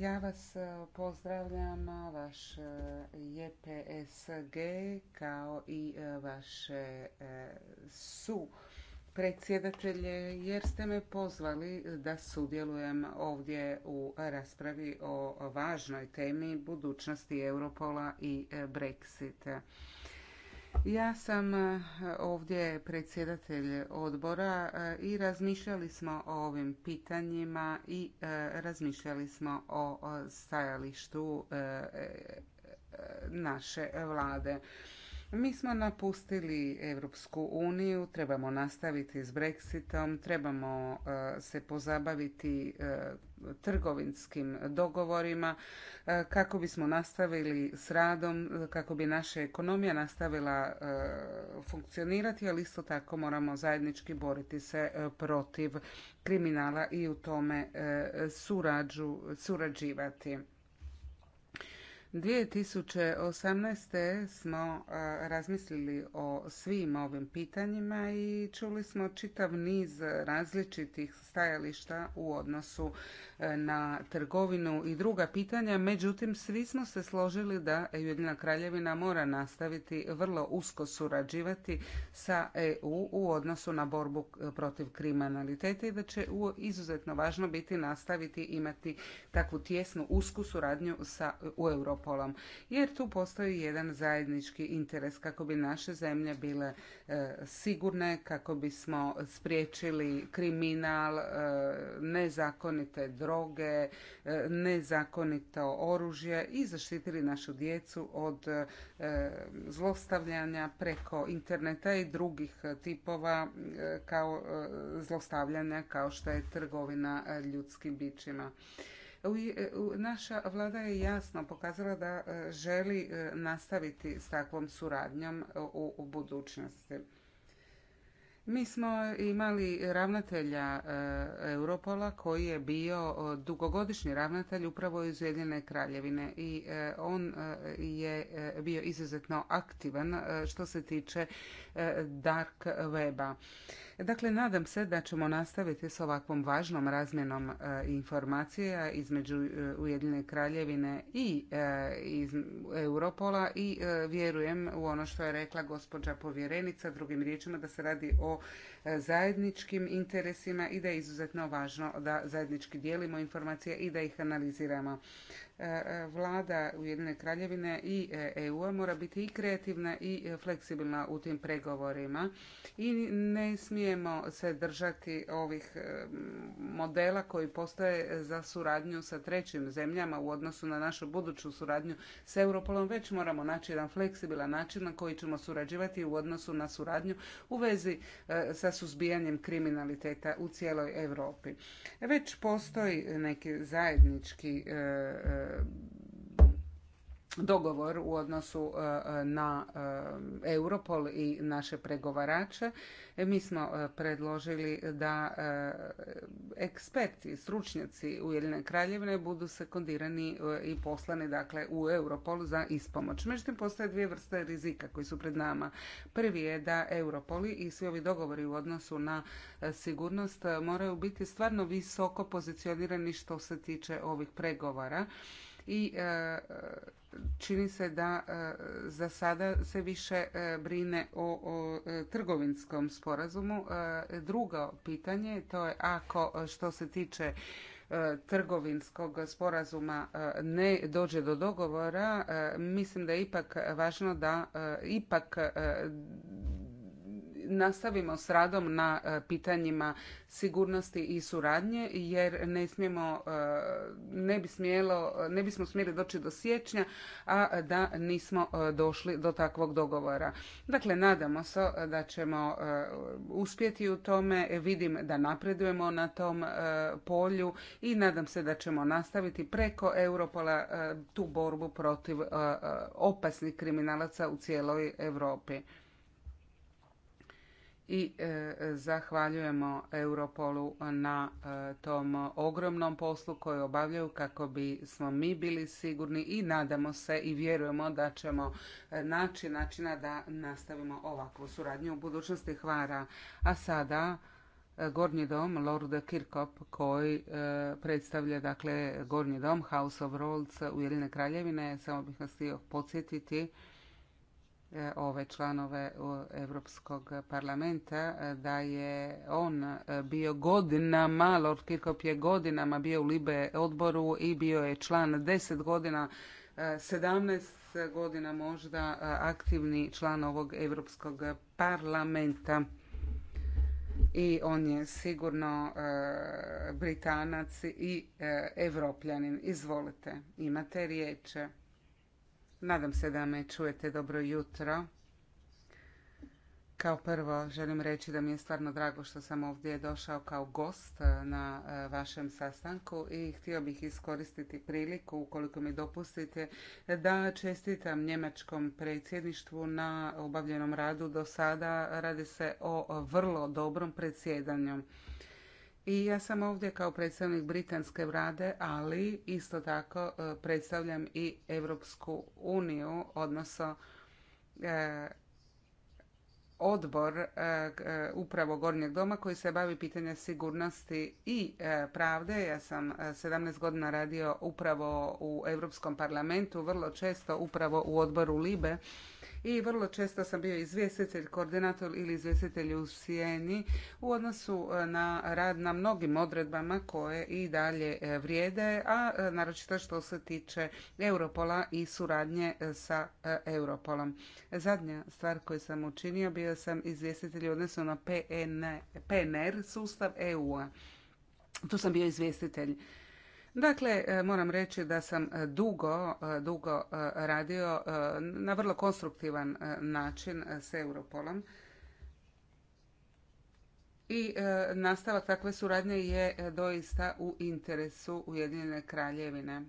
Ja vas pozdravljam, vaš JPSG kao i vaše su predsjedatelje jer ste me pozvali da sudjelujem ovdje u raspravi o važnoj temi budućnosti Europola i e, Brexita. Ja sam e, ovdje predsjedatelj odbora e, i razmišljali smo o ovim pitanjima i razmišljali smo o stajalištu naše vlade. Mi smo napustili Europsku uniju, trebamo nastaviti s Brexitom, trebamo e, se pozabaviti e, trgovinskim dogovorima e, kako bismo nastavili s radom, kako bi naša ekonomija nastavila funkcionirati, ali isto tako moramo zajednički boriti se protiv kriminala i u tome surađivati. 2018. smo razmislili o svim ovim pitanjima i čuli smo čitav niz različitih stajališta u odnosu e, na trgovinu i druga pitanja. Međutim, svi smo se složili da Ujedinjena kraljevina mora nastaviti vrlo usko surađivati sa EU u odnosu na borbu e, protiv kriminaliteta i da će izuzetno važno biti nastaviti imati takvu tjesnu usku suradnju sa, u EU. Europolom, jer tu postoji jedan zajednički interes kako bi naše zemlje bile e, sigurne, kako bismo spriječili kriminal, e, nezakonite droge, e, nezakonito oružje i zaštitili našu djecu od zlostavljanja preko interneta i drugih tipova kao zlostavljanja kao što je trgovina ljudskim bićima. E, naša vlada je jasno pokazala da e, želi e, nastaviti s takvom suradnjom u budućnosti. Mi smo imali ravnatelja Europola koji je bio dugogodišnji ravnatelj upravo iz Ujedinjene kraljevine i on je bio izuzetno aktivan što se tiče dark weba. Dakle, nadam se da ćemo nastaviti s ovakvom važnom razmjenom e, informacija između e, Ujedinjene kraljevine i e, Europola i vjerujem u ono što je rekla gospođa povjerenica, drugim riječima da se radi o zajedničkim interesima i da je izuzetno važno da zajednički dijelimo informacije i da ih analiziramo. E, Vlada Ujedine kraljevine i eu e mora biti i kreativna i e, fleksibilna u tim pregovorima i ne smijemo se držati ovih modela koji postoje za suradnju sa trećim zemljama u odnosu na našu buduću suradnju s Europolom, već moramo naći jedan fleksibilan način na koji ćemo surađivati u odnosu na suradnju u vezi sa sa suzbijanjem kriminaliteta u cijeloj Europi. Već postoji neki zajednički e, e, dogovor u odnosu e, na e, Europol i naše pregovarače. E, mi smo predložili da eksperti, stručnjaci Ujedine kraljevine budu sekundirani i poslani dakle, u Europol za ispomoć. Međutim, postoje dvije vrste rizika koji su pred nama. Prvi je da Europoli i svi ovi dogovori u odnosu na sigurnost moraju biti stvarno visoko pozicionirani što se tiče ovih pregovara i e, e, čini se da e, za sada se više brine o, trgovinskom sporazumu. Drugo pitanje to je ako što se tiče trgovinskog sporazuma ne dođe do dogovora, mislim da je ipak važno da ipak nastavimo s radom na e, pitanjima sigurnosti i suradnje jer ne smijemo, e, ne ne bismo smjeli doći do siječnja, a da nismo e, došli do takvog dogovora. Dakle, nadamo se da ćemo uspjeti u tome, vidim da napredujemo na tom polju i nadam se da ćemo nastaviti preko Europola tu borbu protiv opasnih kriminalaca u cijeloj Europi i e, zahvaljujemo Europolu na e, tom ogromnom poslu koji obavljaju kako bi smo mi bili sigurni i nadamo se i vjerujemo da ćemo e, naći načina da nastavimo ovakvu suradnju u budućnosti. Hvara. A sada Gornji dom, Lord Kirkop, koji predstavlja dakle, Gornji dom, House of Rolls Ujedine kraljevine. Samo bih vas htio podsjetiti E, ove članove Europskog parlamenta e, da je on e, bio godinama, Lord Kirkop je godinama bio u Libe odboru i bio je član deset godina, 17 godina možda aktivni član ovog Europskog parlamenta i on je sigurno Britanac i Evropljanin. Izvolite, imate riječe Nadam se da me čujete dobro jutro. Kao prvo želim reći da mi je stvarno drago što sam ovdje došao kao gost e, na e, vašem sastanku i htio bih iskoristiti priliku, ukoliko mi dopustite, da čestitam njemačkom predsjedništvu na obavljenom radu do sada. Radi se o vrlo dobrom predsjedanju. I ja sam ovdje kao predstavnik britanske vlade, ali isto tako e, predstavljam i Europsku uniju, odnosno e, odbor e, upravo Gornjeg doma koji se bavi pitanja sigurnosti i pravde. Ja sam 17 godina radio upravo u Europskom parlamentu, vrlo često upravo u odboru Libe i vrlo često sam bio izvjestitelj, koordinator ili izvjestitelj u sjeni u odnosu e, na rad na mnogim odredbama koje i dalje e, vrijede, a e, naročito što se tiče Europola i suradnje sa Europolom. Zadnja stvar koju sam učinio bio sam izvjestitelj u odnosu na PNR sustav EU-a. Tu sam bio izvjestitelj. Dakle, e, moram reći da sam e, dugo, e, dugo radio na vrlo konstruktivan način s Europolom. I nastavak takve suradnje je doista u interesu Ujedinjene kraljevine.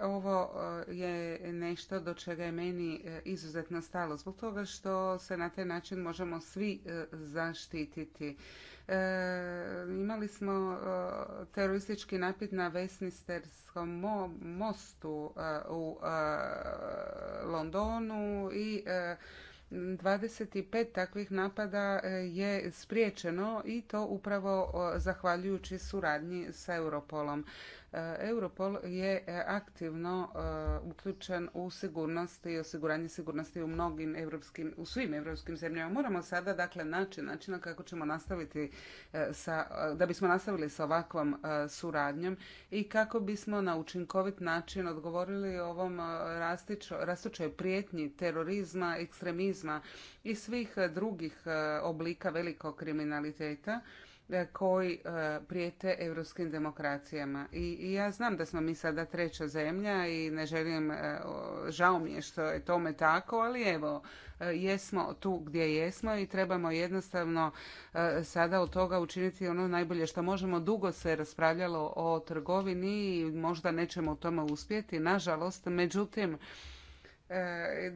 Ovo je nešto do čega je meni izuzetno stalo zbog toga što se na taj način možemo svi zaštititi. E, imali smo e, teroristički napad na Westminsterskom mostu e, u Londonu i 25 takvih napada je spriječeno i to upravo zahvaljujući suradnji sa Europolom. E, Europol je e, aktivno e, uključen u sigurnost i osiguranje sigurnosti u mnogim europskim, u svim europskim zemljama. Moramo sada dakle naći načina kako ćemo nastaviti sa, da bismo nastavili sa ovakvom suradnjom i kako bismo na učinkovit način odgovorili ovom rastućoj prijetnji terorizma, ekstremizma i svih drugih oblika velikog kriminaliteta E, koji e, prijete europskim demokracijama. I ja znam da smo mi sada treća zemlja i ne želim, e, žao mi je što je tome tako, ali evo, jesmo tu gdje jesmo i trebamo jednostavno sada od toga učiniti ono najbolje što možemo. Dugo se raspravljalo o trgovini i možda nećemo u tome uspjeti, nažalost, međutim,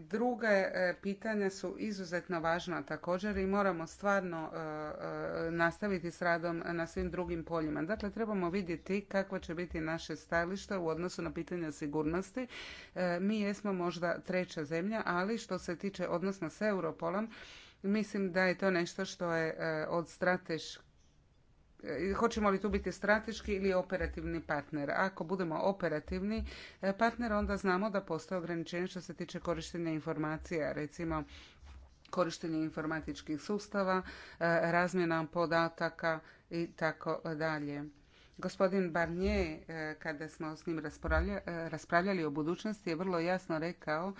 druge pitanja su izuzetno važna također i moramo stvarno e, e, nastaviti s radom na svim drugim poljima. Dakle, trebamo vidjeti kakva će biti naše stajalište u odnosu na pitanje sigurnosti. E, mi jesmo možda treća zemlja, ali što se tiče odnosno s Europolom, mislim da je to nešto što je od strateškog hoćemo li tu biti strateški ili operativni partner. Ako budemo operativni e, partner, onda znamo da postoje ograničenje što se tiče korištenja informacija, recimo korištenje informatičkih sustava, e, razmjena podataka i tako dalje. Gospodin Barnier, e, kada smo s njim raspravljali o budućnosti, je vrlo jasno rekao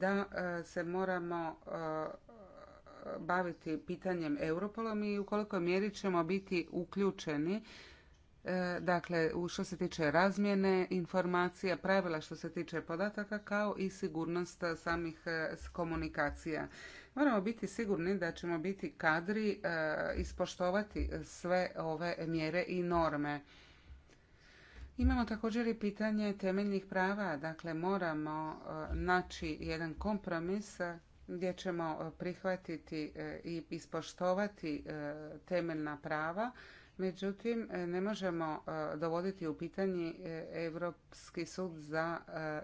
da se moramo baviti pitanjem Europolom i u kolikoj mjeri ćemo biti uključeni e, dakle što se tiče razmjene informacija, pravila što se tiče podataka kao i sigurnost samih e, komunikacija. Moramo biti sigurni da ćemo biti kadri e, ispoštovati sve ove mjere i norme. Imamo također i pitanje temeljnih prava, dakle moramo naći jedan kompromis gdje ćemo e, prihvatiti e, i ispoštovati e, temeljna prava, međutim ne možemo dovoditi u pitanje Europski sud za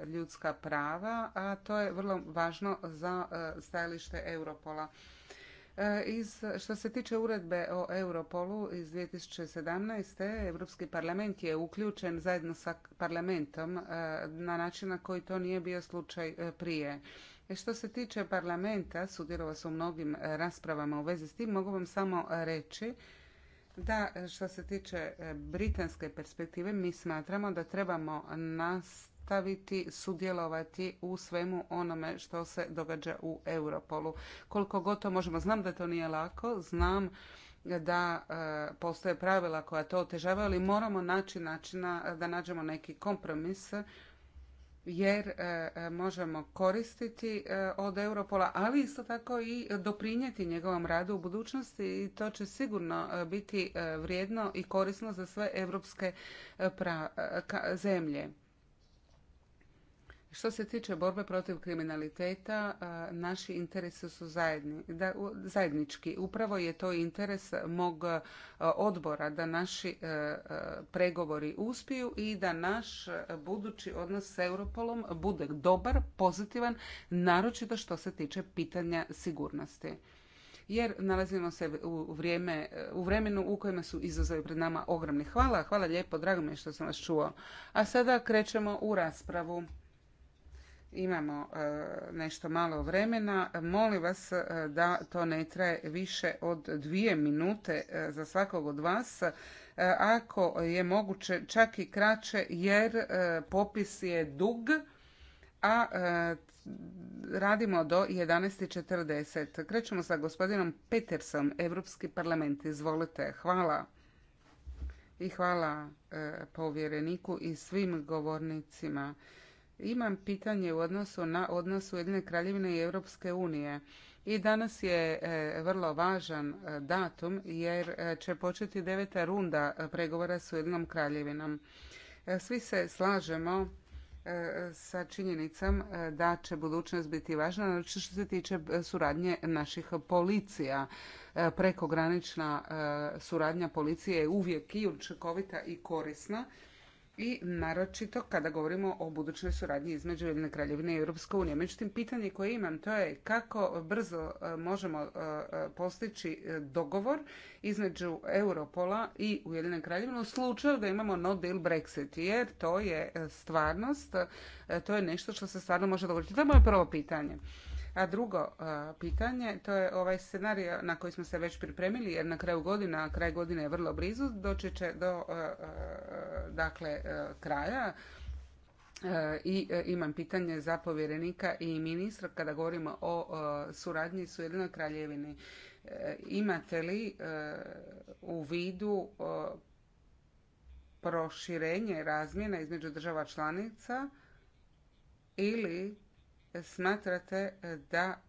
ljudska prava, a to je vrlo važno za stajalište Europola. Iz, što se tiče uredbe o Europolu iz 2017. Europski parlament je uključen zajedno sa parlamentom na način na koji to nije bio slučaj prije. E, što se tiče parlamenta, sudjelovao sam u mnogim e, raspravama u vezi s tim, mogu vam samo reći da e, što se tiče britanske perspektive mi smatramo da trebamo nastaviti sudjelovati u svemu onome što se događa u Europolu. Koliko gotovo to možemo, znam da to nije lako, znam da postoje pravila koja to otežavaju, ali moramo naći načina da nađemo neki kompromis jer e, e, možemo koristiti e, od Europola, ali isto tako i doprinijeti njegovom radu u budućnosti i to će sigurno biti vrijedno i korisno za sve europske zemlje. Što se tiče borbe protiv kriminaliteta, naši interesi su zajedni, zajednički. Upravo je to interes mog odbora da naši pregovori uspiju i da naš budući odnos s Europolom bude dobar, pozitivan, naročito što se tiče pitanja sigurnosti jer nalazimo se u, vrijeme, u vremenu u kojima su izazovi pred nama ogromni. Hvala, hvala lijepo, drago mi je što sam vas čuo. A sada krećemo u raspravu imamo e, nešto malo vremena. Molim vas e, da to ne traje više od dvije minute e, za svakog od vas. Ako je moguće čak i kraće jer popis je dug, a radimo do 11.40. Krećemo sa gospodinom Petersom, Europski parlament. Izvolite. Hvala. I hvala povjereniku i svim govornicima. Imam pitanje u odnosu na odnos Ujedine kraljevine i Europske unije. I danas je e, vrlo važan e, datum jer e, će početi deveta runda pregovora s Ujedinjenom kraljevinom. Svi se slažemo sa činjenicom da će budućnost biti važna, znači što se tiče suradnje naših policija. Prekogranična suradnja policije je uvijek i učinkovita i korisna i naročito kada govorimo o budućnoj suradnji između Ujedinjene kraljevine i Europske unije. Međutim, pitanje koje imam to je kako brzo e, možemo e, e, postići dogovor između Europola i Ujedinjene kraljevine u slučaju da imamo no deal Brexit, jer to je stvarnost, to je nešto što se stvarno može dogoditi. To je moje prvo pitanje. A drugo e, pitanje, to je ovaj scenarij na koji smo se već pripremili, jer na kraju godina, kraj godine je vrlo blizu, doći će do e, e, dakle, kraja i imam pitanje za povjerenika i ministra kada govorimo o suradnji s Ujedinoj kraljevini. Imate li u vidu proširenje razmjena između država članica ili smatrate da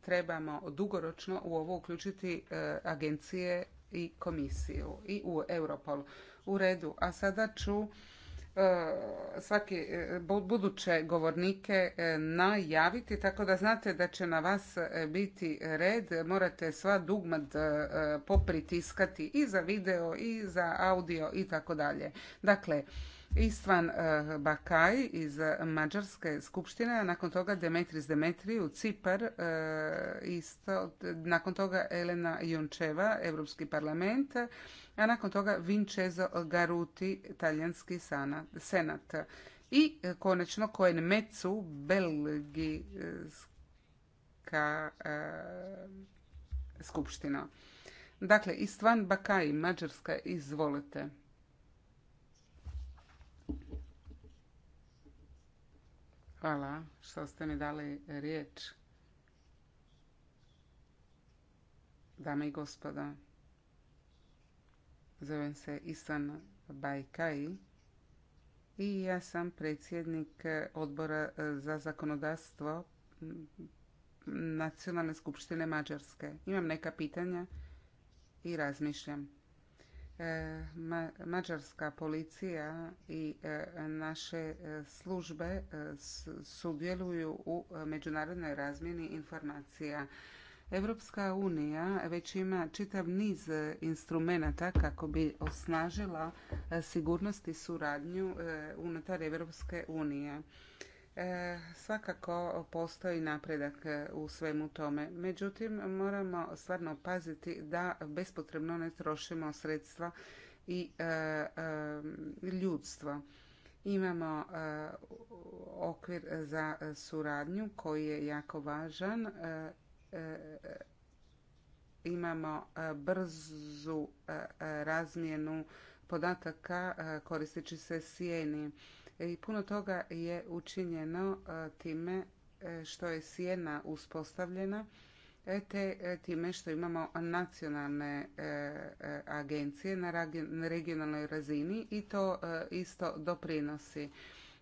trebamo dugoročno u ovo uključiti e, agencije i komisiju i u Europol. U redu. A sada ću e, svaki e, buduće govornike najaviti, tako da znate da će na vas biti red. Morate sva dugmad popritiskati i za video i za audio i tako dalje. Dakle, Istvan eh, Bakaj iz Mađarske skupštine, a nakon toga Demetris Demetriju, Cipar, eh, isto, nakon toga Elena Junčeva, Europski parlament, a nakon toga Vincenzo Garuti, talijanski senat. I eh, konačno Koen Mecu, belgijska skupština. Dakle, Istvan Bakaj, Mađarska, izvolite. Hvala što ste mi dali riječ. Dame i gospodo, zovem se Isan Bajkaj i ja sam predsjednik odbora za zakonodavstvo Nacionalne skupštine Mađarske. Imam neka pitanja i razmišljam. E, mađarska policija i e, naše e, službe sudjeluju u međunarodnoj razmjeni informacija. Europska unija već ima čitav niz instrumenata kako bi osnažila sigurnost i suradnju unutar Europske unije. E, svakako postoji napredak u svemu tome. Međutim, moramo stvarno paziti da bespotrebno ne trošimo sredstva i e, e, ljudstvo. Imamo okvir za suradnju koji je jako važan. Imamo brzu razmjenu podataka koristeći se sjeni i puno toga je učinjeno e, time e, što je sjena uspostavljena e, te time što imamo nacionalne agencije na regionalnoj razini i to isto doprinosi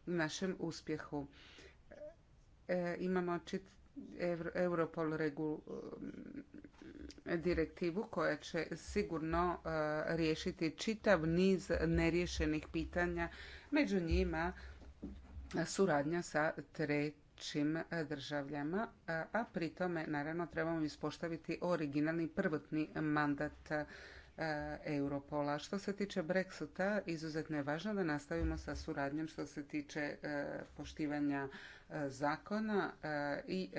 našem uspjehu. Imamo Europol direktivu koja će sigurno e, riješiti čitav niz neriješenih pitanja, među njima e, suradnja sa trećim državljama, e, a pri tome naravno trebamo ispoštaviti originalni prvotni mandat E, Europola. Što se tiče Brexita, izuzetno je važno da nastavimo sa suradnjom što se tiče e, poštivanja e, zakona i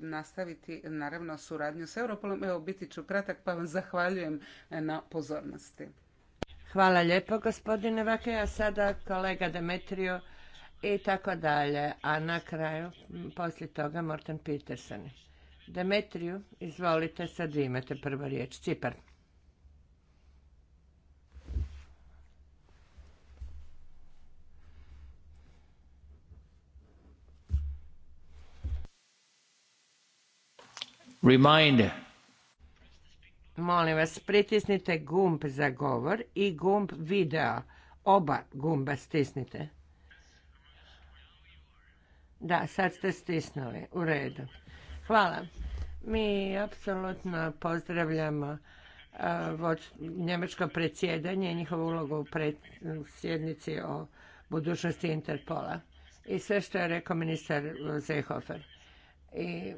nastaviti naravno suradnju s Europolom. Evo, biti ću kratak pa vam zahvaljujem na pozornosti. Hvala lijepo gospodine Vake, a sada kolega Demetrio i tako dalje. A na kraju, poslije toga, Morten Peterson. Demetriju, izvolite, sad imate prvo riječ. Cipar. Reminder. Molim vas, pritisnite gumb za govor i gumb video. Oba gumba stisnite. Da, sad ste stisnuli. U redu. Hvala. Mi apsolutno pozdravljamo e, njemačko predsjedanje i njihovu ulogu u sjednici o budućnosti Interpola i sve što je rekao ministar Zehofer. I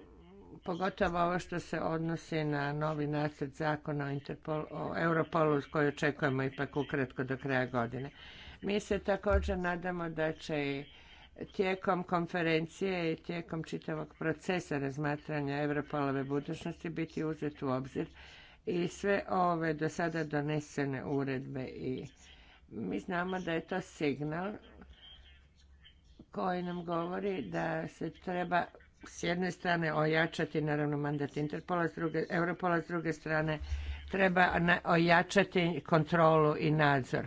pogotovo ovo što se odnosi na novi nacrt zakona o, Interpol, o Europolu koji očekujemo ipak ukratko do kraja godine. Mi se također nadamo da će tijekom konferencije i tijekom čitavog procesa razmatranja Europolove budućnosti biti uzet u obzir i sve ove do sada donesene uredbe i mi znamo da je to signal koji nam govori da se treba s jedne strane ojačati naravno mandat Interpola, s druge, Europola, s druge strane treba ojačati kontrolu i nadzor.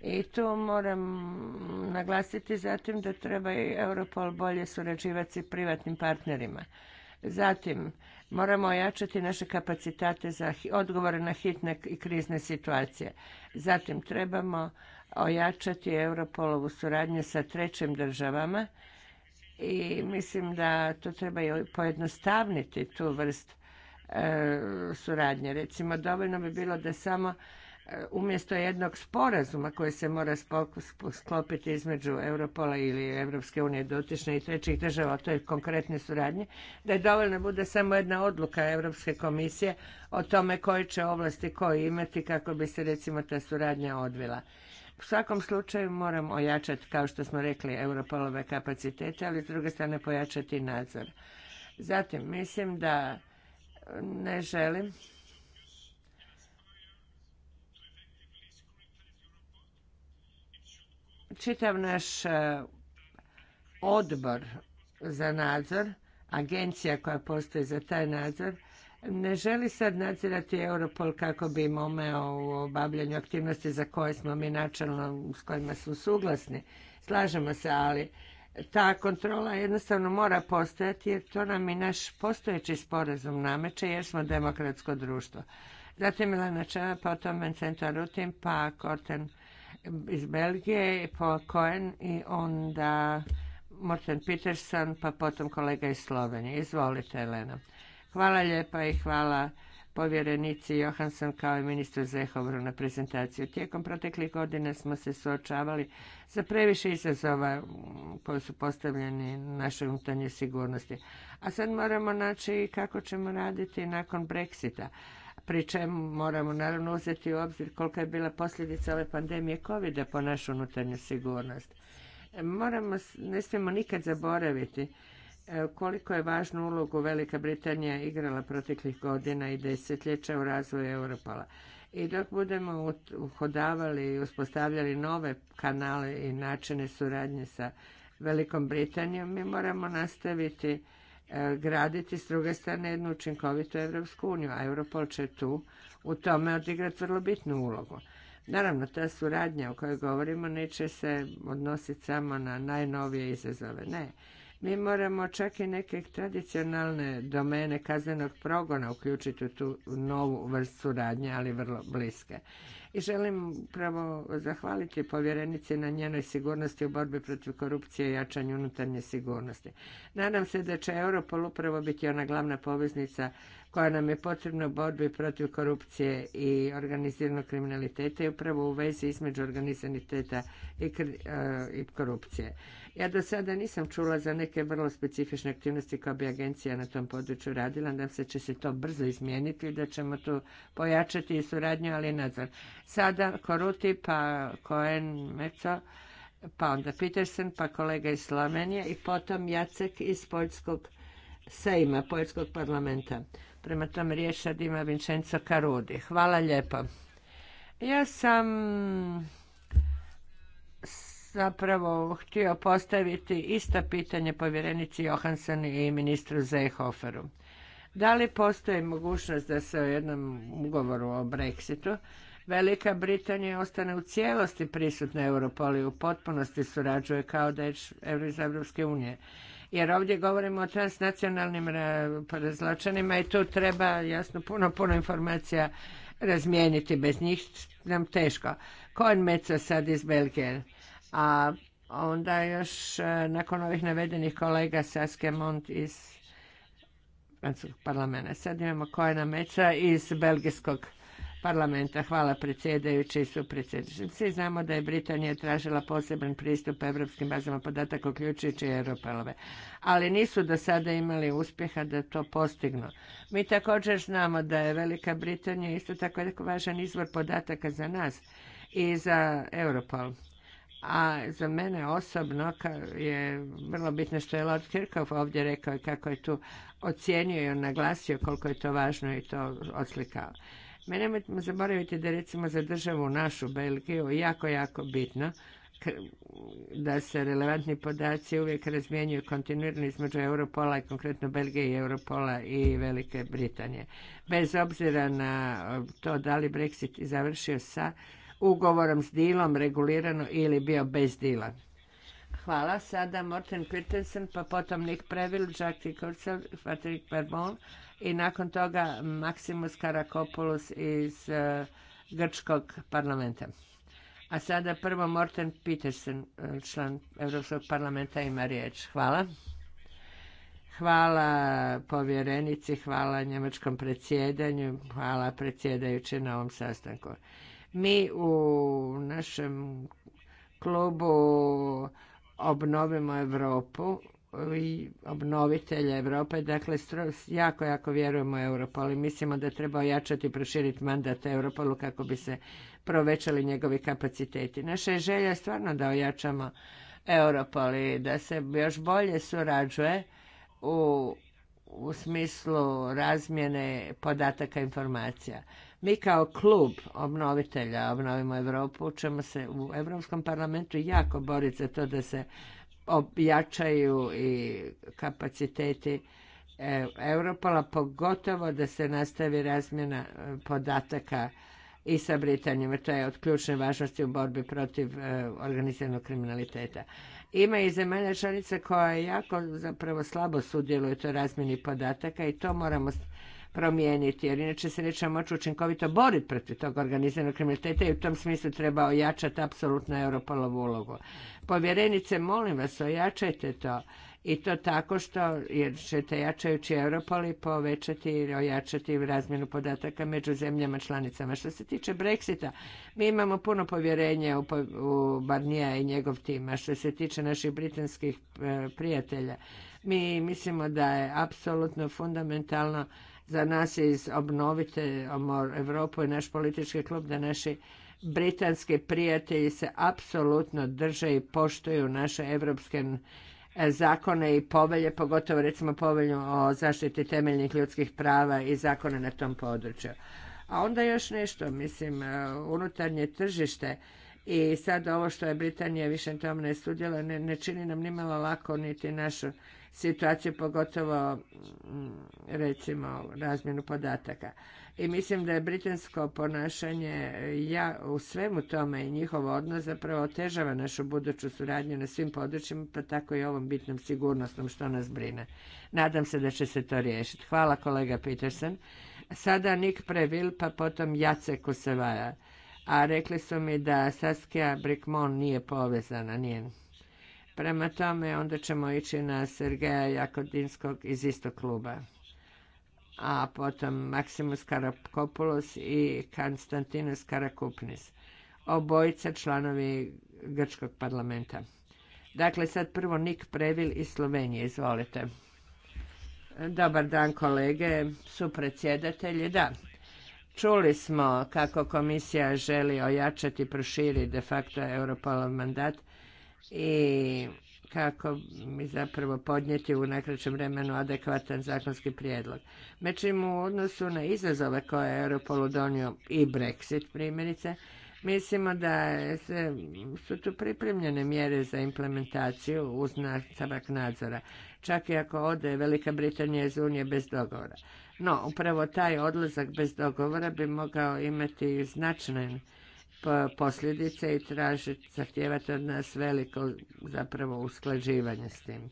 I tu moram naglasiti zatim da treba i Europol bolje surađivati s privatnim partnerima. Zatim, moramo ojačati naše kapacitate za odgovore na hitne i krizne situacije. Zatim, trebamo ojačati Europolovu suradnju sa trećim državama i mislim da to treba pojednostavniti tu vrst e, suradnje. Recimo, dovoljno bi bilo da samo e, umjesto jednog sporazuma koji se mora sklopiti između Europola ili Europske unije dotične i trećih država, to je konkretne suradnje, da je dovoljno bude samo jedna odluka Europske komisije o tome koje će ovlasti koji imati kako bi se recimo ta suradnja odvila. U svakom slučaju moramo ojačati, kao što smo rekli, Europolove kapacitete, ali s druge strane pojačati nadzor. Zatim, mislim da ne želim čitav naš e, odbor za nadzor, agencija koja postoji za taj nadzor, ne želi sad nadzirati Europol kako bi im u obavljanju aktivnosti za koje smo mi načelno s kojima su suglasni. Slažemo se, ali ta kontrola jednostavno mora postojati jer to nam i naš postojeći sporazum nameće jer smo demokratsko društvo. Zatim Milana Čeva, potom Centar Rutin, pa Korten iz Belgije, pa Koen i onda Morten Peterson, pa potom kolega iz Slovenije. Izvolite, Elena. Hvala lijepa i hvala povjerenici Johansson kao i ministru Zehovru na prezentaciju. Tijekom proteklih godina smo se suočavali sa previše izazova koji su postavljeni našoj unutarnjoj sigurnosti. A sad moramo naći kako ćemo raditi nakon Brexita pri čemu moramo naravno uzeti u obzir kolika je bila posljedica ove pandemije covid po našu unutarnju sigurnost. Moramo, ne smijemo nikad zaboraviti koliko je važnu ulogu Velika Britanija igrala proteklih godina i desetljeća u razvoju Europola. I dok budemo uhodavali i uspostavljali nove kanale i načine suradnje sa Velikom Britanijom, mi moramo nastaviti e, graditi s druge strane jednu učinkovitu Evropsku uniju, a Europol će tu u tome odigrati vrlo bitnu ulogu. Naravno, ta suradnja o kojoj govorimo neće se odnositi samo na najnovije izazove. Ne, mi moramo čak i neke tradicionalne domene kaznenog progona uključiti u tu novu vrstu suradnje, ali vrlo bliske. I želim upravo zahvaliti povjerenici na njenoj sigurnosti u borbi protiv korupcije i jačanju unutarnje sigurnosti. Nadam se da će Europol upravo biti ona glavna poveznica koja nam je potrebna u borbi protiv korupcije i organiziranog kriminaliteta i upravo u vezi između organizaniteta e, i, korupcije. Ja do sada nisam čula za neke vrlo specifične aktivnosti koje bi agencija na tom području radila. Nadam se će se to brzo izmijeniti i da ćemo tu pojačati i suradnju, ali i nadzor. Sada Koruti, pa Koen Meco, pa onda Petersen, pa kolega iz Slovenije i potom Jacek iz Poljskog Sejma, Poljskog parlamenta. Prema tome riječ Dima ima Vincenzo Karudi. Hvala lijepo. Ja sam zapravo htio postaviti ista pitanje povjerenici Johansson i ministru Zehoferu. Da li postoji mogućnost da se o jednom ugovoru o Brexitu Velika Britanija ostane u cijelosti prisutna Europoli, u potpunosti surađuje kao da je iz Europske unije jer ovdje govorimo o transnacionalnim e, zločinima i tu treba jasno puno, puno informacija razmijeniti. Bez njih nam teško. Koen Meca sad iz Belgije. A onda još e, nakon ovih navedenih kolega Saske Mont iz Francuskog parlamenta. Sad imamo Koena Meca iz Belgijskog parlamenta. Hvala predsjedajući i Svi Znamo da je Britanija tražila poseban pristup evropskim bazama podataka, uključujući i Ali nisu do sada imali uspjeha da to postignu. Mi također znamo da je Velika Britanija isto tako važan izvor podataka za nas i za Europol. A za mene osobno je vrlo bitno što je Lord Kirkov ovdje rekao i kako je tu ocijenio i on naglasio koliko je to važno i to odslikao. Mi nemojmo zaboraviti da recimo za državu našu Belgiju jako, jako bitno da se relevantni podaci uvijek razmjenjuju kontinuirano između Europola i konkretno Belgije i Europola i Velike Britanije. Bez obzira na to da li Brexit završio sa ugovorom s dilom regulirano ili bio bez dila. Hvala. Sada Morten petersen pa potom Nick Previl, Jacques Kurcel, Patrick Barbon i nakon toga Maximus Karakopoulos iz e, Grčkog parlamenta. A sada prvo Morten Petersen, e, član Europskog parlamenta, ima riječ. Hvala. Hvala povjerenici, hvala njemačkom predsjedanju, hvala predsjedajući na ovom sastanku. Mi u našem klubu obnovimo Europu i obnovitelje Europe. Dakle, jako, jako vjerujemo u Europol i mislimo da treba ojačati i proširiti mandat Europolu kako bi se provećali njegovi kapaciteti. Naša je želja stvarno da ojačamo Europol i da se još bolje surađuje u, u smislu razmjene podataka informacija. Mi kao klub obnovitelja Obnovimo Europu ćemo se u Europskom parlamentu jako boriti za to da se objačaju i kapaciteti e, Europola, pogotovo da se nastavi razmjena e, podataka i sa Britanijom, to je od ključne važnosti u borbi protiv e, organiziranog kriminaliteta. Ima i zemalja članica koja jako zapravo slabo sudjeluje u toj razmjeni podataka i to moramo promijeniti, jer inače se nećemo moći učinkovito boriti protiv tog organiziranog kriminaliteta i u tom smislu treba ojačati apsolutno Europolovu ulogu. Povjerenice, molim vas, ojačajte to i to tako što jer ćete jačajući Europol i povećati i ojačati razmjenu podataka među zemljama članicama. Što se tiče Brexita, mi imamo puno povjerenja u, u Barnija i njegov tim, a što se tiče naših britanskih e, prijatelja, mi mislimo da je apsolutno fundamentalno za nas je iz Obnovite Europu i naš politički klub da naši britanski prijatelji se apsolutno drže i poštuju naše evropske e, zakone i povelje, pogotovo recimo povelju o zaštiti temeljnih ljudskih prava i zakone na tom području. A onda još nešto, mislim, e, unutarnje tržište i sad ovo što je Britanija više tom ne sudjela, ne, ne čini nam nimalo lako niti našu situacije, pogotovo mm, recimo razmjenu podataka. I mislim da je britansko ponašanje ja, u svemu tome i njihov odnos zapravo otežava našu buduću suradnju na svim područjima, pa tako i ovom bitnom sigurnosnom što nas brine. Nadam se da će se to riješiti. Hvala kolega Peterson. Sada Nik Previl, pa potom Jace Kusevaja. A rekli su mi da Saskia BRICMON nije povezana, nije Prema tome, onda ćemo ići na Sergeja Jakodinskog iz istog kluba. A potom Maksimus Karakopoulos i Konstantinos Karakupnis. Obojica članovi Grčkog parlamenta. Dakle, sad prvo Nik Previl iz Slovenije. Izvolite. Dobar dan kolege, su predsjedatelji. Da, čuli smo kako komisija želi ojačati, proširiti de facto Europolov mandat i kako mi zapravo podnijeti u najkraćem vremenu adekvatan zakonski prijedlog. Međutim, u odnosu na izazove koje je Europolu donio i Brexit primjerice, mislimo da su tu pripremljene mjere za implementaciju uz nastavak nadzora, čak i ako ode Velika Britanija iz Unije bez dogovora. No, upravo taj odlazak bez dogovora bi mogao imati značajan pa posljedice i tražiti, zahtijevati od nas veliko zapravo usklađivanje s tim.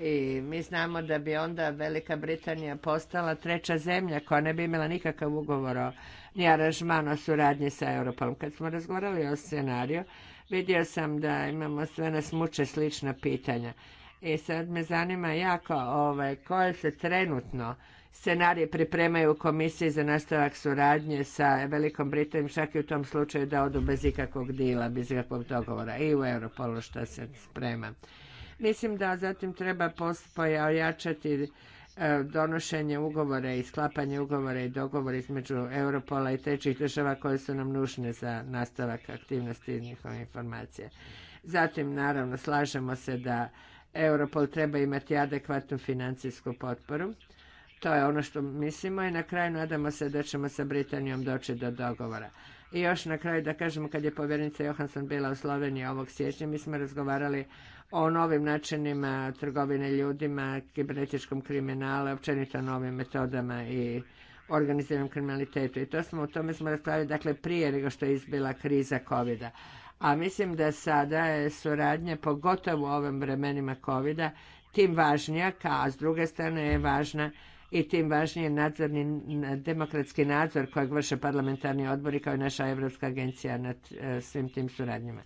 I mi znamo da bi onda Velika Britanija postala treća zemlja koja ne bi imala nikakav ugovor o ni aranžman o suradnji sa Europom. Kad smo razgovarali o scenariju, vidio sam da imamo sve nas muče slična pitanja. I sad me zanima jako ovaj, koje se trenutno Scenarije pripremaju komisije komisiji za nastavak suradnje sa Velikom Britanijom, čak i u tom slučaju da odu bez ikakvog dila, bez ikakvog dogovora i u Europolu što se sprema. Mislim da zatim treba postoja ojačati e, donošenje ugovora i sklapanje ugovora i dogovora između Europola i trećih država koje su nam nužne za nastavak aktivnosti i njihove informacije. Zatim, naravno, slažemo se da Europol treba imati adekvatnu financijsku potporu to je ono što mislimo i na kraju nadamo se da ćemo sa Britanijom doći do dogovora. I još na kraju da kažemo kad je povjerenica Johansson bila u Sloveniji ovog siječnja, mi smo razgovarali o novim načinima trgovine ljudima, kibernetičkom kriminalu, općenito novim metodama i organiziranom kriminalitetu. I to smo, o tome smo raspravili dakle prije nego što je izbila kriza covid -a. mislim da sada je suradnja, pogotovo u ovim vremenima covid tim važnija, a s druge strane je važna i tim važnije nadzorni, demokratski nadzor kojeg vrše parlamentarni odbori kao i naša Europska agencija nad e, svim tim suradnjama.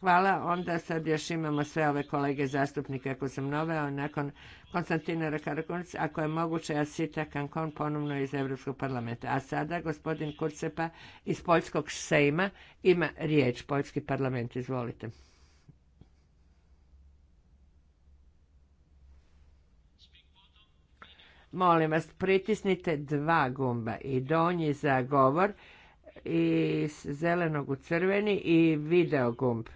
Hvala. Onda sad još imamo sve ove kolege zastupnike ako sam nove, nakon Konstantina Rakarakunic, ako je moguće, Asita Kankon ponovno iz Europskog parlamenta. A sada gospodin Kurcepa iz Poljskog sejma ima riječ. Poljski parlament, izvolite. Molim vas, pritisnite dva gumba i donji za govor i zelenog u crveni i video gumb.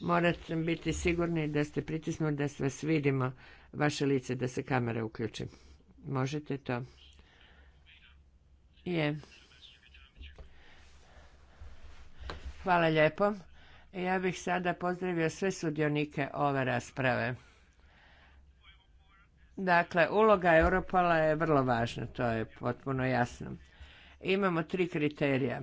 Morate biti sigurni da ste pritisnuli da vas vidimo vaše lice, da se kamera uključi. Možete to? Je. Hvala lijepo. Ja bih sada pozdravio sve sudionike ove rasprave. Dakle, uloga Europola je vrlo važna, to je potpuno jasno. Imamo tri kriterija.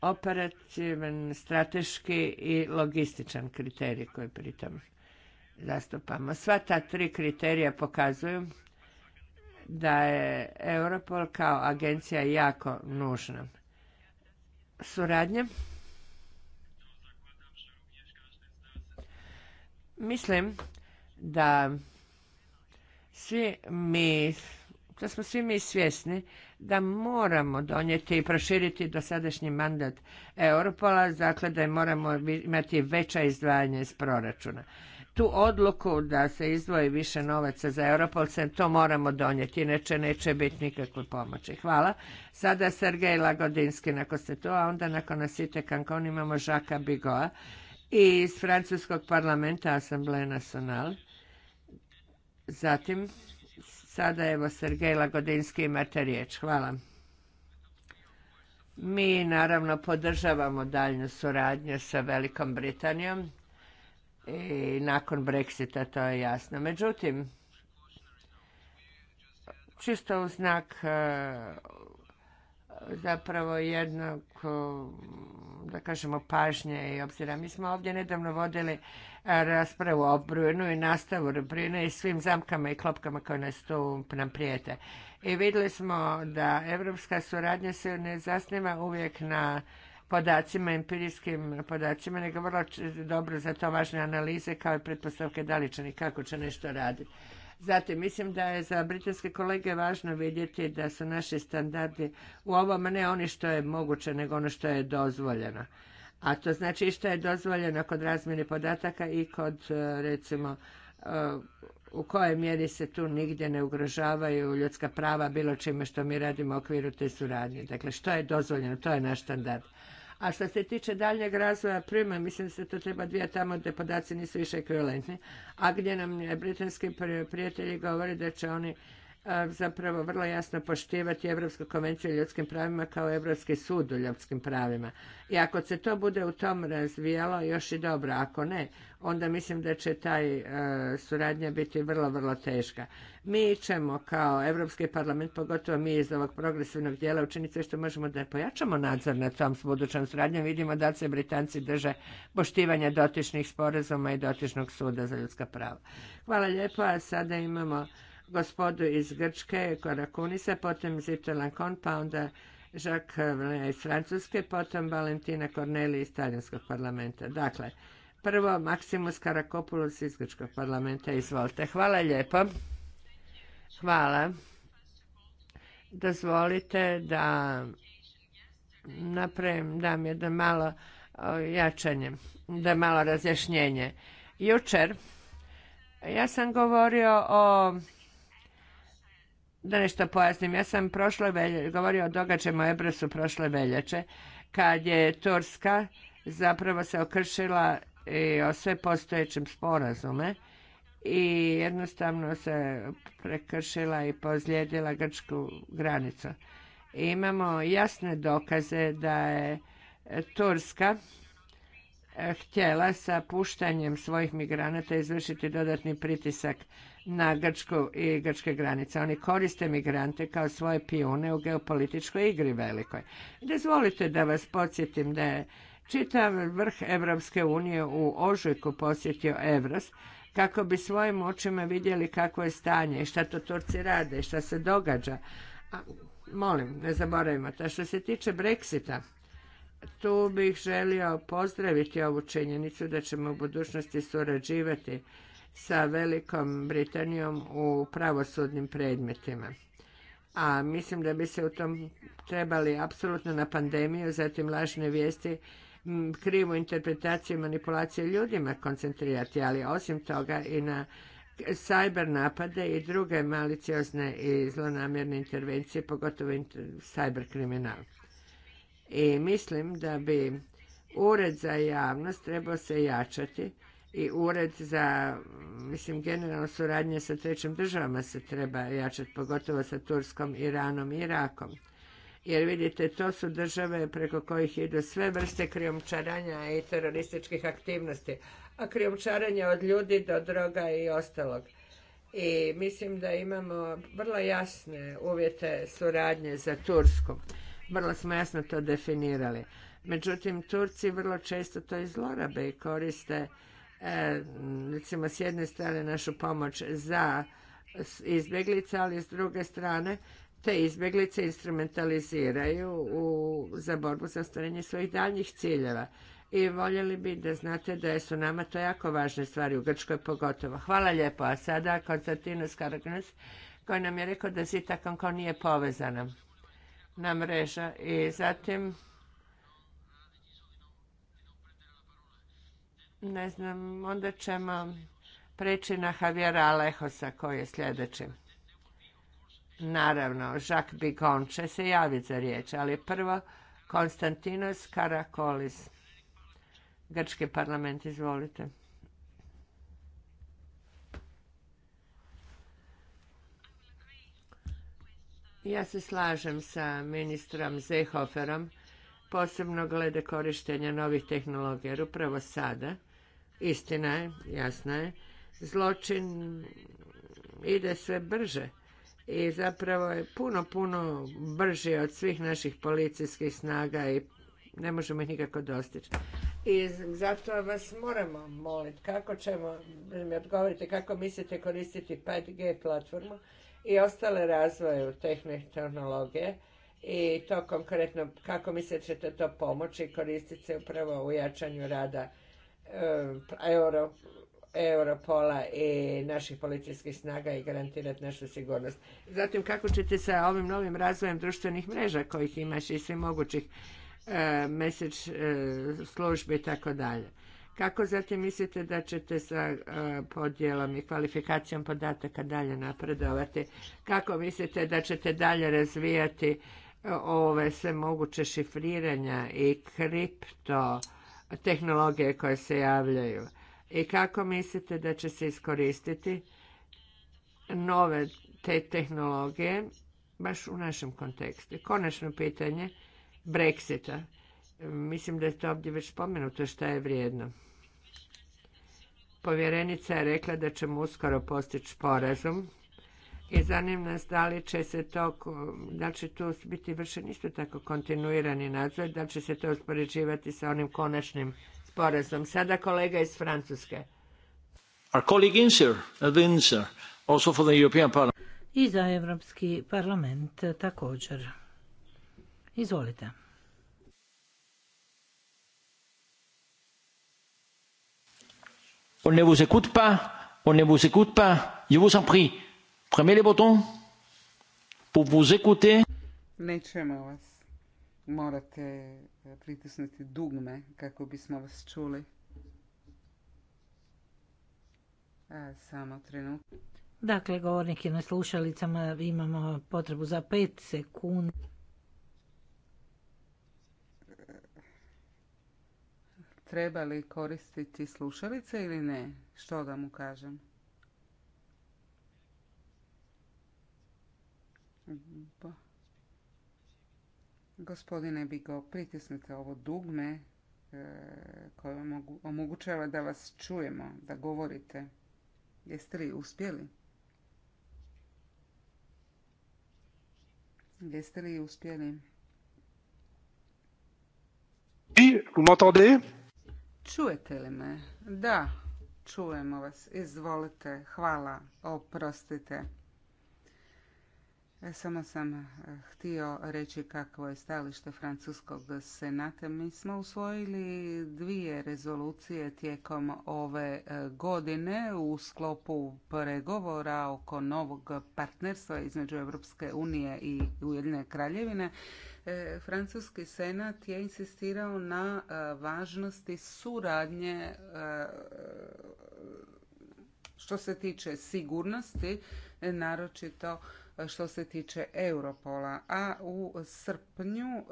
Operativan, strateški i logističan kriterij koji pritom zastupamo. Sva ta tri kriterija pokazuju da je Europol kao agencija jako nužna. Suradnje? Mislim da svi mi, da smo svi mi svjesni da moramo donijeti i proširiti dosadašnji mandat Europola, dakle da moramo imati veća izdvajanja iz proračuna. Tu odluku da se izdvoji više novaca za Europol, to moramo donijeti, inače neće biti nikakve pomoći. Hvala. Sada Sergej Lagodinski, nakon ste tu, a onda nakon Nasite Kankon imamo Žaka Bigoa i iz francuskog parlamenta Assemblée Nationale Zatim, sada evo Sergej Lagodinski imate riječ. Hvala. Mi naravno podržavamo daljnju suradnju sa Velikom Britanijom i nakon Brexita to je jasno. Međutim, čisto u znak e, zapravo jednog, e, da kažemo, pažnje i obzira. Mi smo ovdje nedavno vodili raspravu o Brujnu i nastavu Brune i svim zamkama i klopkama koje nas tu nam prijete. I vidjeli smo da evropska suradnja se ne zasniva uvijek na podacima, empirijskim podacima, nego vrlo dobro za to važne analize kao i pretpostavke da li će ni kako će nešto raditi. Zatim, mislim da je za britanske kolege važno vidjeti da su naši standardi u ovom ne oni što je moguće, nego ono što je dozvoljeno. A to znači što je dozvoljeno kod razmjene podataka i kod e, recimo e, u kojoj mjeri se tu nigdje ne ugrožavaju ljudska prava bilo čime što mi radimo u okviru te suradnje. Dakle, što je dozvoljeno, to je naš standard. A što se tiče daljnjeg razvoja prima, mislim da se to treba dvije tamo gdje podaci nisu više ekvivalentni, a gdje nam britanski prijatelji govore da će oni zapravo vrlo jasno poštivati Evropsku konvenciju o ljudskim pravima kao Europski sud o ljudskim pravima. I ako se to bude u tom razvijalo, još i dobro. Ako ne, onda mislim da će taj e, suradnja biti vrlo, vrlo teška. Mi ćemo kao Europski parlament, pogotovo mi iz ovog progresivnog dijela, učiniti sve što možemo da pojačamo nadzor na tom s budućom suradnjom. Vidimo da se Britanci drže poštivanja dotičnih sporazuma i dotičnog suda za ljudska prava. Hvala lijepo, a sada imamo gospodu iz Grčke, Korakunisa, potom Zito Lankon, pa onda Jacques iz Francuske, potom Valentina Corneli iz Talijanskog parlamenta. Dakle, prvo Maksimus Karakopoulos iz Grčkog parlamenta. Izvolite. Hvala lijepo. Hvala. Dozvolite da napravim, dam jedno malo jačanje, da malo razjašnjenje. Jučer ja sam govorio o da nešto pojasnim. Ja sam prošle veljače, govorio o događajima u Ebrusu prošle veljače, kad je Turska zapravo se okršila i o sve postojećem sporazume i jednostavno se prekršila i pozlijedila grčku granicu. imamo jasne dokaze da je Turska e, htjela sa puštanjem svojih migranata izvršiti dodatni pritisak na Grčku i grčke granice. Oni koriste migrante kao svoje pijune u geopolitičkoj igri velikoj. Dozvolite da vas podsjetim da je čitav vrh Evropske unije u ožujku posjetio Evros kako bi svojim očima vidjeli kako je stanje i šta to Turci rade i šta se događa. molim, ne zaboravimo to. Što se tiče Brexita, tu bih želio pozdraviti ovu činjenicu da ćemo u budućnosti surađivati sa Velikom Britanijom u pravosudnim predmetima. A mislim da bi se u tom trebali apsolutno na pandemiju, zatim lažne vijesti, krivu interpretaciju i manipulaciju ljudima koncentrirati, ali osim toga i na sajber napade i druge maliciozne i zlonamjerne intervencije, pogotovo sajber kriminal. I mislim da bi ured za javnost trebao se jačati i ured za, mislim, generalno suradnje sa trećim državama se treba jačati, pogotovo sa Turskom, Iranom i Irakom. Jer vidite, to su države preko kojih idu sve vrste krijomčaranja i terorističkih aktivnosti. A krijumčarenje od ljudi do droga i ostalog. I mislim da imamo vrlo jasne uvjete suradnje za Tursku. Vrlo smo jasno to definirali. Međutim, Turci vrlo često to izlorabe i koriste recimo s jedne strane našu pomoć za izbjeglice, ali s druge strane te izbjeglice instrumentaliziraju za borbu za ostvarenje svojih daljnjih ciljeva. I voljeli bi da znate da su nama to jako važne stvari, u Grčkoj pogotovo. Hvala lijepo. A sada Konstantinos Karagnes koji nam je rekao da Zita Konko nije povezana na mreža. I zatim Ne znam, onda ćemo preći na Javjera Alehosa koji je sljedeći. Naravno, Jacques Bigon će se javiti za riječ, ali prvo Konstantinos Karakolis. Grčki parlament, izvolite. Ja se slažem sa ministrom Zehoferom, posebno glede korištenja novih tehnologija, jer upravo sada Istina je, jasna je, zločin ide sve brže i zapravo je puno, puno brži od svih naših policijskih snaga i ne možemo ih nikako dostići. I zato vas moramo moliti kako ćemo, mi odgovorite kako mislite koristiti 5G platformu i ostale razvoje u tehnologije i to konkretno kako mislite ćete to pomoći koristiti se upravo u jačanju rada Eh, euro, Europola i naših policijskih snaga i garantirati našu sigurnost. Zatim, kako ćete sa ovim novim razvojem društvenih mreža kojih imaš i svih mogućih e, službi i tako dalje. Kako zatim mislite da ćete sa podjelom i kvalifikacijom podataka dalje napredovati? Kako mislite da ćete dalje razvijati ove sve moguće šifriranja i kripto tehnologije koje se javljaju i kako mislite da će se iskoristiti nove te tehnologije baš u našem kontekstu. Konačno pitanje Brexita. Mislim da je to ovdje već spomenuto šta je vrijedno. Povjerenica je rekla da ćemo uskoro postići sporazum i zanima nas da li će se to, da li će tu biti vršen isto tako kontinuirani nadzor, da li će se to uspoređivati sa onim konačnim sporazom. Sada kolega iz Francuske. Our colleague also for I za Europski parlament također. Izvolite. On ne vous écoute on ne vous écoute pas, je vous en prie. Prenez les boutons pour vous écouter. Nećemo vas. Morate eh, pritisnuti dugme kako bismo vas čuli. samo trenutak. Dakle, govornik na slušalicama, imamo potrebu za pet sekundi. Treba li koristiti slušalice ili ne? Što da mu kažem? Pa. Gospodine Bigo, pritisnite ovo dugme e, koje omogućava da vas čujemo, da govorite. Jeste li uspjeli? Jeste li uspjeli? Čujete li me? Da, čujemo vas. Izvolite. Hvala. Oprostite. E, samo sam e, htio reći kakvo je stajalište Francuskog senata. Mi smo usvojili dvije rezolucije tijekom ove e, godine u sklopu pregovora oko novog partnerstva između Europske unije i Ujedinjene kraljevine. Francuski senat je insistirao na važnosti suradnje što se tiče sigurnosti, naročito što se tiče Europola, a u srpnju e,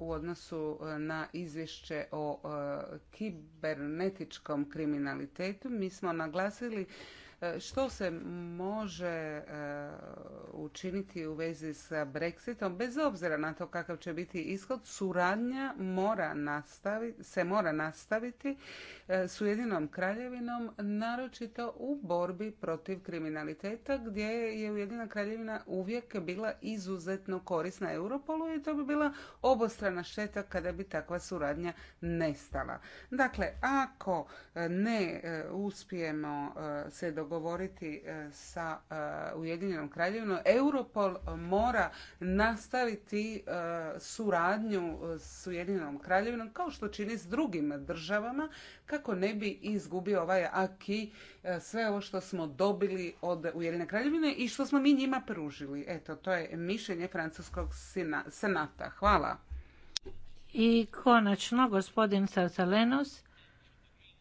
u odnosu na izvješće o e, kibernetičkom kriminalitetu mi smo naglasili E, što se može e, učiniti u vezi sa Brexitom, bez obzira na to kakav će biti ishod, suradnja mora nastaviti, se mora nastaviti e, s Ujedinom kraljevinom, naročito u borbi protiv kriminaliteta, gdje je Ujedina kraljevina uvijek bila izuzetno korisna Europolu i to bi bila obostrana šteta kada bi takva suradnja nestala. Dakle, ako ne uspijemo se dogoditi, dogovoriti e, sa e, Ujedinjenom kraljevinom. Europol mora nastaviti e, suradnju s Ujedinjenom kraljevinom kao što čini s drugim državama kako ne bi izgubio ovaj aki sve ovo što smo dobili od Ujedinjene kraljevine i što smo mi njima pružili. Eto, to je mišljenje Francuskog senata. Hvala. I konačno, gospodin Sartalenos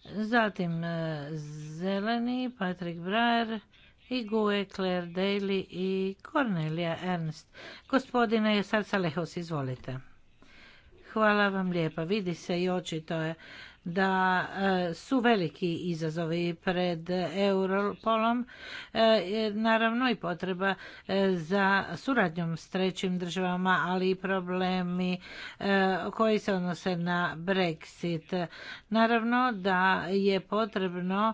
Zatim e, zeleni, Patrick Braer, i Gue, Claire Daly i Cornelia Ernst. Gospodine lehos izvolite. Hvala vam lijepa. Vidi se i očito je da e, su veliki izazovi pred Europolom, e, naravno i potreba e, za suradnjom s trećim državama, ali i problemi koji se odnose na Brexit. Naravno da je potrebno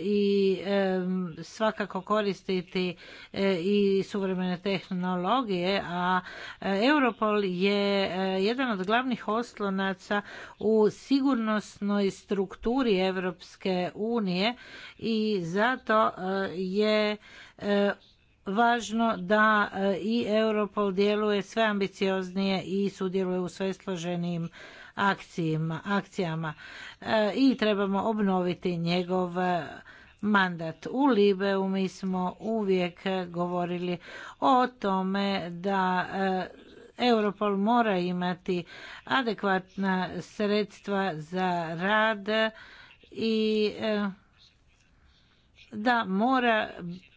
i svakako koristiti i suvremene tehnologije, a Europol je jedan od glavnih oslonaca u sigurno sigurnosnoj strukturi Europske unije i zato e, je e, važno da e, i Europol djeluje sve ambicioznije i sudjeluje u sve složenijim akcijama. I trebamo obnoviti njegov mandat. U Libeu mi smo uvijek govorili o tome da Europol mora imati adekvatna sredstva za rad i e, da mora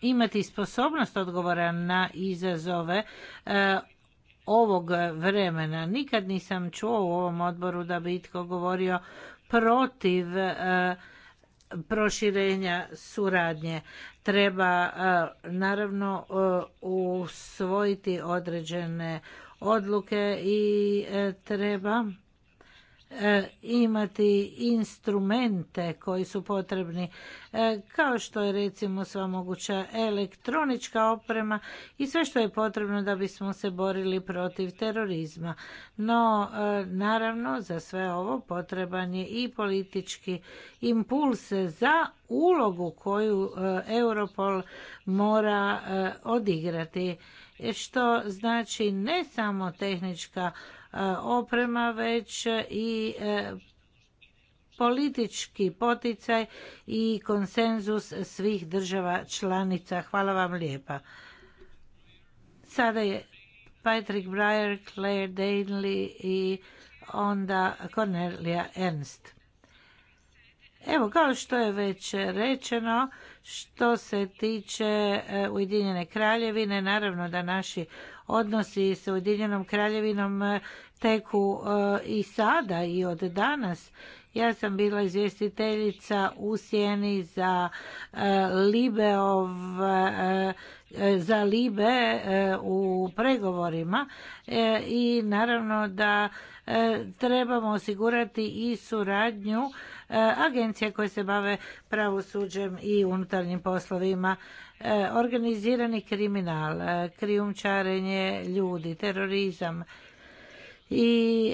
imati sposobnost odgovora na izazove e, ovog vremena. Nikad nisam čuo u ovom odboru da bi itko govorio protiv e, proširenja suradnje. Treba naravno usvojiti određene odluke i e, treba e, imati instrumente koji su potrebni e, kao što je recimo sva moguća elektronička oprema i sve što je potrebno da bismo se borili protiv terorizma. No naravno za sve ovo potreban je i politički impuls za ulogu koju Europol mora odigrati što znači ne samo tehnička e, oprema, već i e, politički poticaj i konsenzus svih država članica. Hvala vam lijepa. Sada je Patrick Breyer, Claire Danley i onda Cornelia Ernst. Evo, kao što je već rečeno, što se tiče e, Ujedinjene kraljevine, naravno da naši odnosi sa Ujedinjenom kraljevinom e, teku e, i sada i od danas. Ja sam bila izvjestiteljica u Sjeni za Libeov za Libe u pregovorima i naravno da trebamo osigurati i suradnju E, agencije koje se bave pravosuđem i unutarnjim poslovima, e, organizirani kriminal, e, krijumčarenje ljudi, terorizam i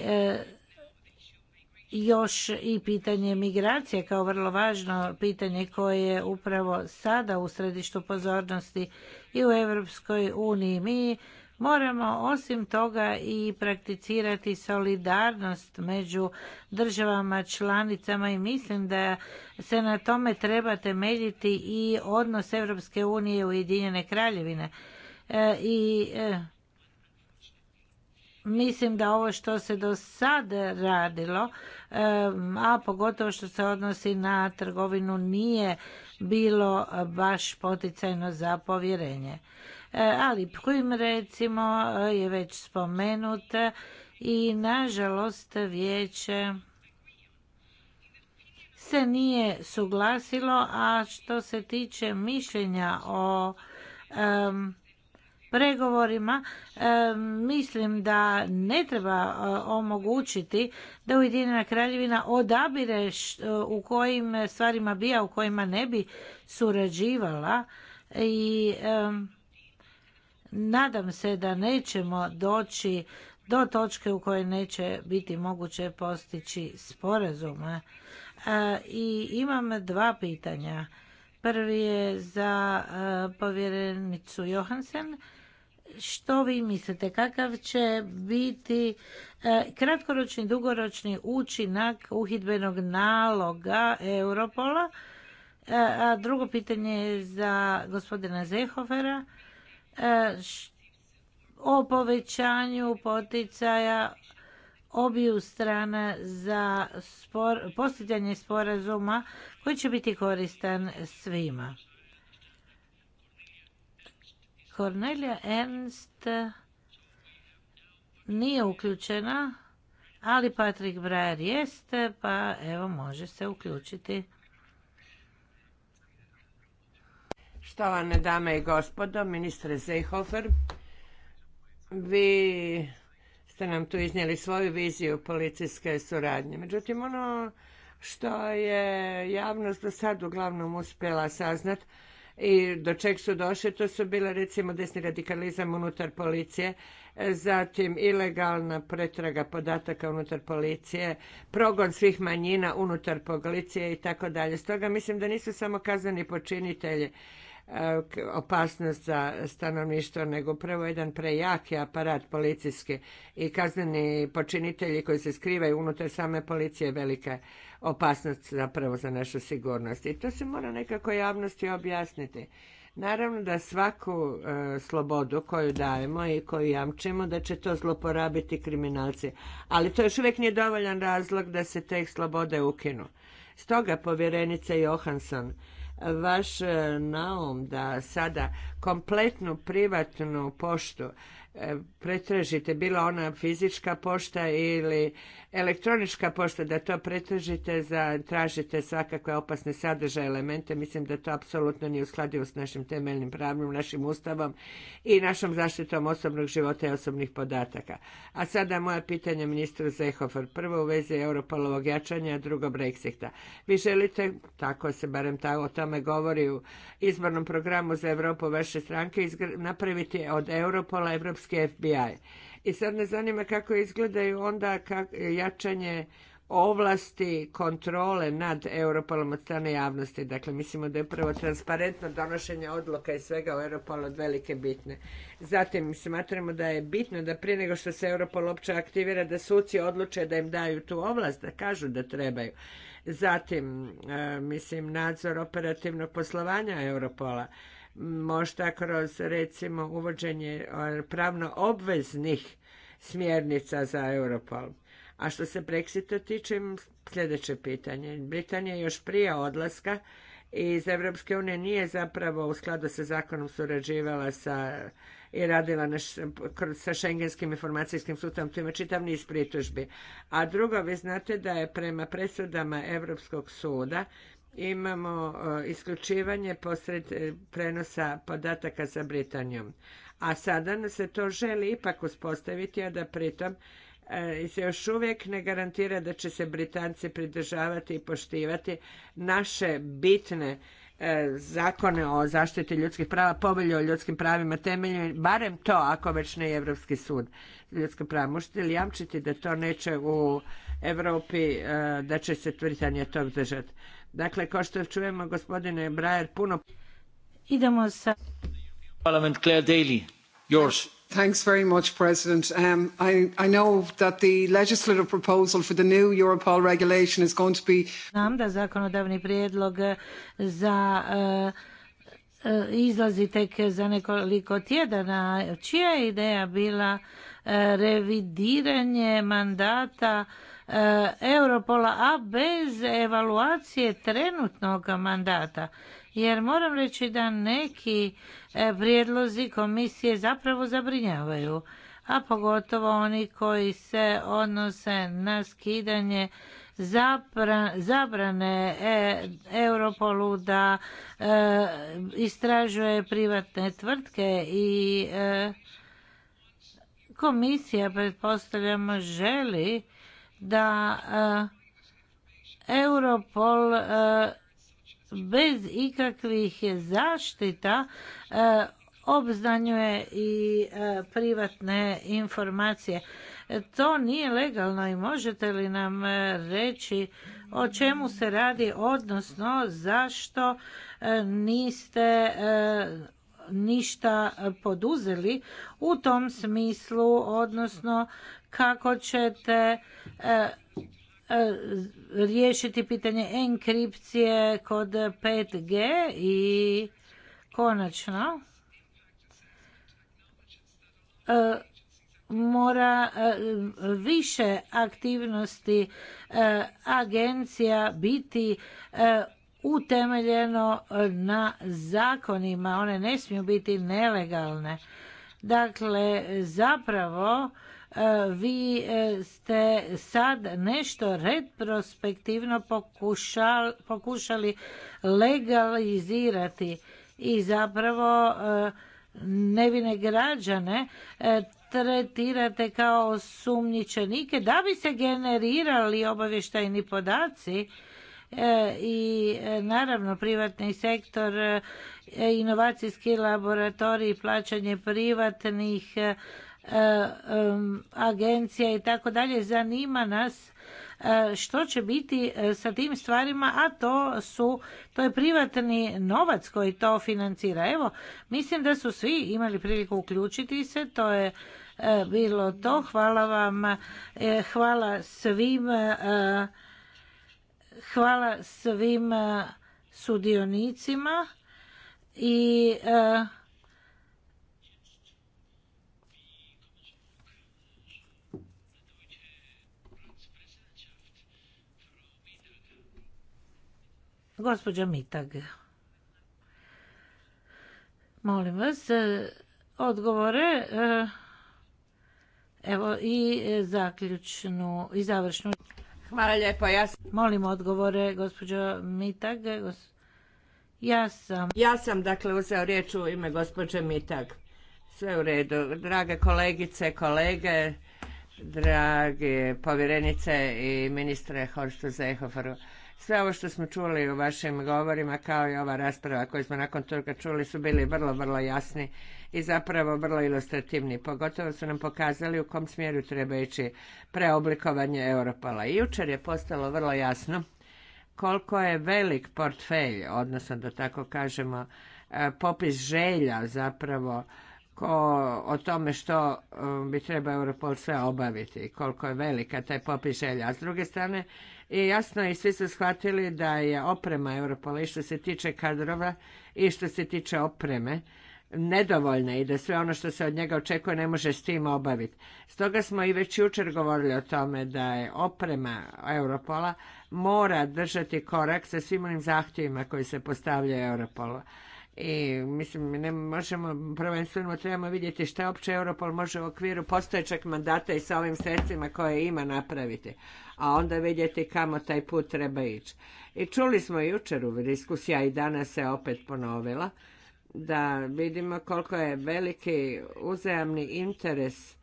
još i pitanje migracije kao vrlo važno pitanje koje je upravo sada u središtu pozornosti i u Europskoj uniji. Mi Moramo osim toga i prakticirati solidarnost među državama članicama i mislim da se na tome treba temeljiti i odnos Europske unije Ujedinjene kraljevine. E, I e, mislim da ovo što se do sad radilo, e, a pogotovo što se odnosi na trgovinu, nije bilo baš poticajno za povjerenje. E, ali Prim recimo je već spomenut i nažalost vijeće se nije suglasilo, a što se tiče mišljenja o pregovorima mislim da ne treba e, omogućiti da Ujedinjena kraljevina odabire e, u kojim stvarima bi, u kojima ne bi surađivala i Nadam se da nećemo doći do točke u kojoj neće biti moguće postići sporazume. E, I imam dva pitanja. Prvi je za e, povjerenicu Johansen. Što vi mislite, kakav će biti e, kratkoročni, dugoročni učinak uhidbenog naloga Europola? A drugo pitanje je za gospodina Zehofera o povećanju poticaja obiju strana za spor, postizanje sporazuma koji će biti koristan svima. Cornelia Ernst nije uključena, ali Patrick Brajer jeste, pa evo može se uključiti. Štovane dame i gospodo, ministre Zehofer, vi ste nam tu iznijeli svoju viziju policijske suradnje. Međutim, ono što je javnost do sad uglavnom uspjela saznat i do čeg su došli, to su bile recimo desni radikalizam unutar policije, zatim ilegalna pretraga podataka unutar policije, progon svih manjina unutar policije i tako dalje. Stoga mislim da nisu samo kazani počinitelji E, opasnost za stanovništvo, nego upravo jedan prejaki aparat policijski i kazneni počinitelji koji se skrivaju unutar same policije velika opasnost zapravo za našu sigurnost. I to se mora nekako javnosti objasniti. Naravno da svaku e, slobodu koju dajemo i koju jamčimo da će to zloporabiti kriminalci, ali to još uvijek nije dovoljan razlog da se te slobode ukinu. Stoga povjerenica Johansson vaš eh, naum da sada kompletnu privatnu poštu E, pretražite, bila ona fizička pošta ili elektronička pošta, da to pretražite, za, tražite svakakve opasne sadržaje, elemente. Mislim da to apsolutno nije uskladivo s našim temeljnim pravnim našim ustavom i našom zaštitom osobnog života i osobnih podataka. A sada moje pitanje ministru Zehofer. Prvo u vezi Europolovog jačanja, drugo Brexita. Vi želite, tako se barem tako o tome govori u izbornom programu za Europu vaše stranke, napraviti od Europola evropski FBI. I sad me zanima kako izgledaju onda jačanje ovlasti kontrole nad Europolom od strane javnosti. Dakle, mislimo da je prvo transparentno donošenje odluka i svega u od velike bitne. Zatim, smatramo da je bitno da prije nego što se Europol uopće aktivira, da suci odluče da im daju tu ovlast, da kažu da trebaju. Zatim, e, mislim, nadzor operativnog poslovanja Europola možda kroz recimo uvođenje eh, pravno obveznih smjernica za Europol. A što se Brexita tiče, sljedeće pitanje. Britanija još prije odlaska iz Europske unije nije zapravo u skladu sa zakonom surađivala sa i radila sa šengenskim informacijskim sustavom, tu ima čitav niz pritužbi. A drugo, vi znate da je prema presudama Europskog suda imamo e, isključivanje posred e, prenosa podataka sa Britanijom. A sada se to želi ipak uspostaviti, a da pritom e, se još uvijek ne garantira da će se Britanci pridržavati i poštivati naše bitne zakone o zaštiti ljudskih prava, povelju o ljudskim pravima temelju, barem to ako već ne Evropski sud ljudska prava. Možete li jamčiti da to neće u Europi, da će se Britanija tog držati? Dakle, kao što čujemo, gospodine Brajer, puno... Idemo sa... Parliament Claire Daly, yours. Thanks very much, President. Um, I, I know that the legislative proposal for the new Europol regulation is going to be... Znam da zakonodavni prijedlog za... Uh, uh, izlazi tek za nekoliko tjedana. Čija je ideja bila uh, revidiranje mandata E, Europola, a bez evaluacije trenutnog mandata. Jer moram reći da neki e, prijedlozi komisije zapravo zabrinjavaju, a pogotovo oni koji se odnose na skidanje zabrane e, Europolu da istražuje privatne tvrtke i komisija pretpostavljamo želi da e, Europol e, bez ikakvih zaštita e, obznanjuje i privatne informacije. To nije legalno i možete li nam reći o čemu se radi, odnosno zašto niste ništa poduzeli u tom smislu, odnosno kako ćete e, e, riješiti pitanje enkripcije kod 5G i konačno e, mora više aktivnosti agencija biti utemeljeno na zakonima, one ne smiju biti nelegalne. Dakle, zapravo e, vi e, ste sad nešto retrospektivno pokušali, pokušali legalizirati i zapravo e, nevine građane tretirate kao sumnjičenike da bi se generirali obavještajni podaci E, i e, naravno privatni sektor, e, inovacijski laboratorij, plaćanje privatnih agencija i tako dalje. Zanima nas što će biti sa tim stvarima, a to su, to je privatni novac koji to financira. Evo, mislim da su svi imali priliku uključiti se, to je bilo to. Hvala vam, hvala svim Hvala svim e, sudionicima i e, Gospođa Mitag, molim vas, e, odgovore evo i zaključnu i završnu Hvala lijepo. Ja Molim odgovore, gospođo Mitag. Ja sam... Ja sam, dakle, uzeo riječ u ime gospođe Mitag. Sve u redu. Drage kolegice, kolege, drage povjerenice i ministre Horstu Zehoferu. Sve ovo što smo čuli u vašim govorima, kao i ova rasprava koju smo nakon toga čuli, su bili vrlo, vrlo jasni i zapravo vrlo ilustrativni. Pogotovo su nam pokazali u kom smjeru treba ići preoblikovanje Europala. I jučer je postalo vrlo jasno koliko je velik portfelj, odnosno da tako kažemo, e, popis želja zapravo o tome što e, bi treba Europol sve obaviti, koliko je velika taj popis želja. A s druge strane, i jasno je, svi su shvatili da je oprema Europola i što se tiče kadrova i što se tiče opreme nedovoljna i da sve ono što se od njega očekuje ne može s tim obaviti. Stoga smo i već jučer govorili o tome da je oprema Europola mora držati korak sa svim onim zahtjevima koji se postavljaju Europola. I mislim, ne možemo, prvenstveno trebamo vidjeti šta uopće Europol može u okviru postojećeg mandata i sa ovim sredstvima koje ima napraviti. A onda vidjeti kamo taj put treba ići. I čuli smo jučer u diskusija i danas se opet ponovila da vidimo koliko je veliki uzajamni interes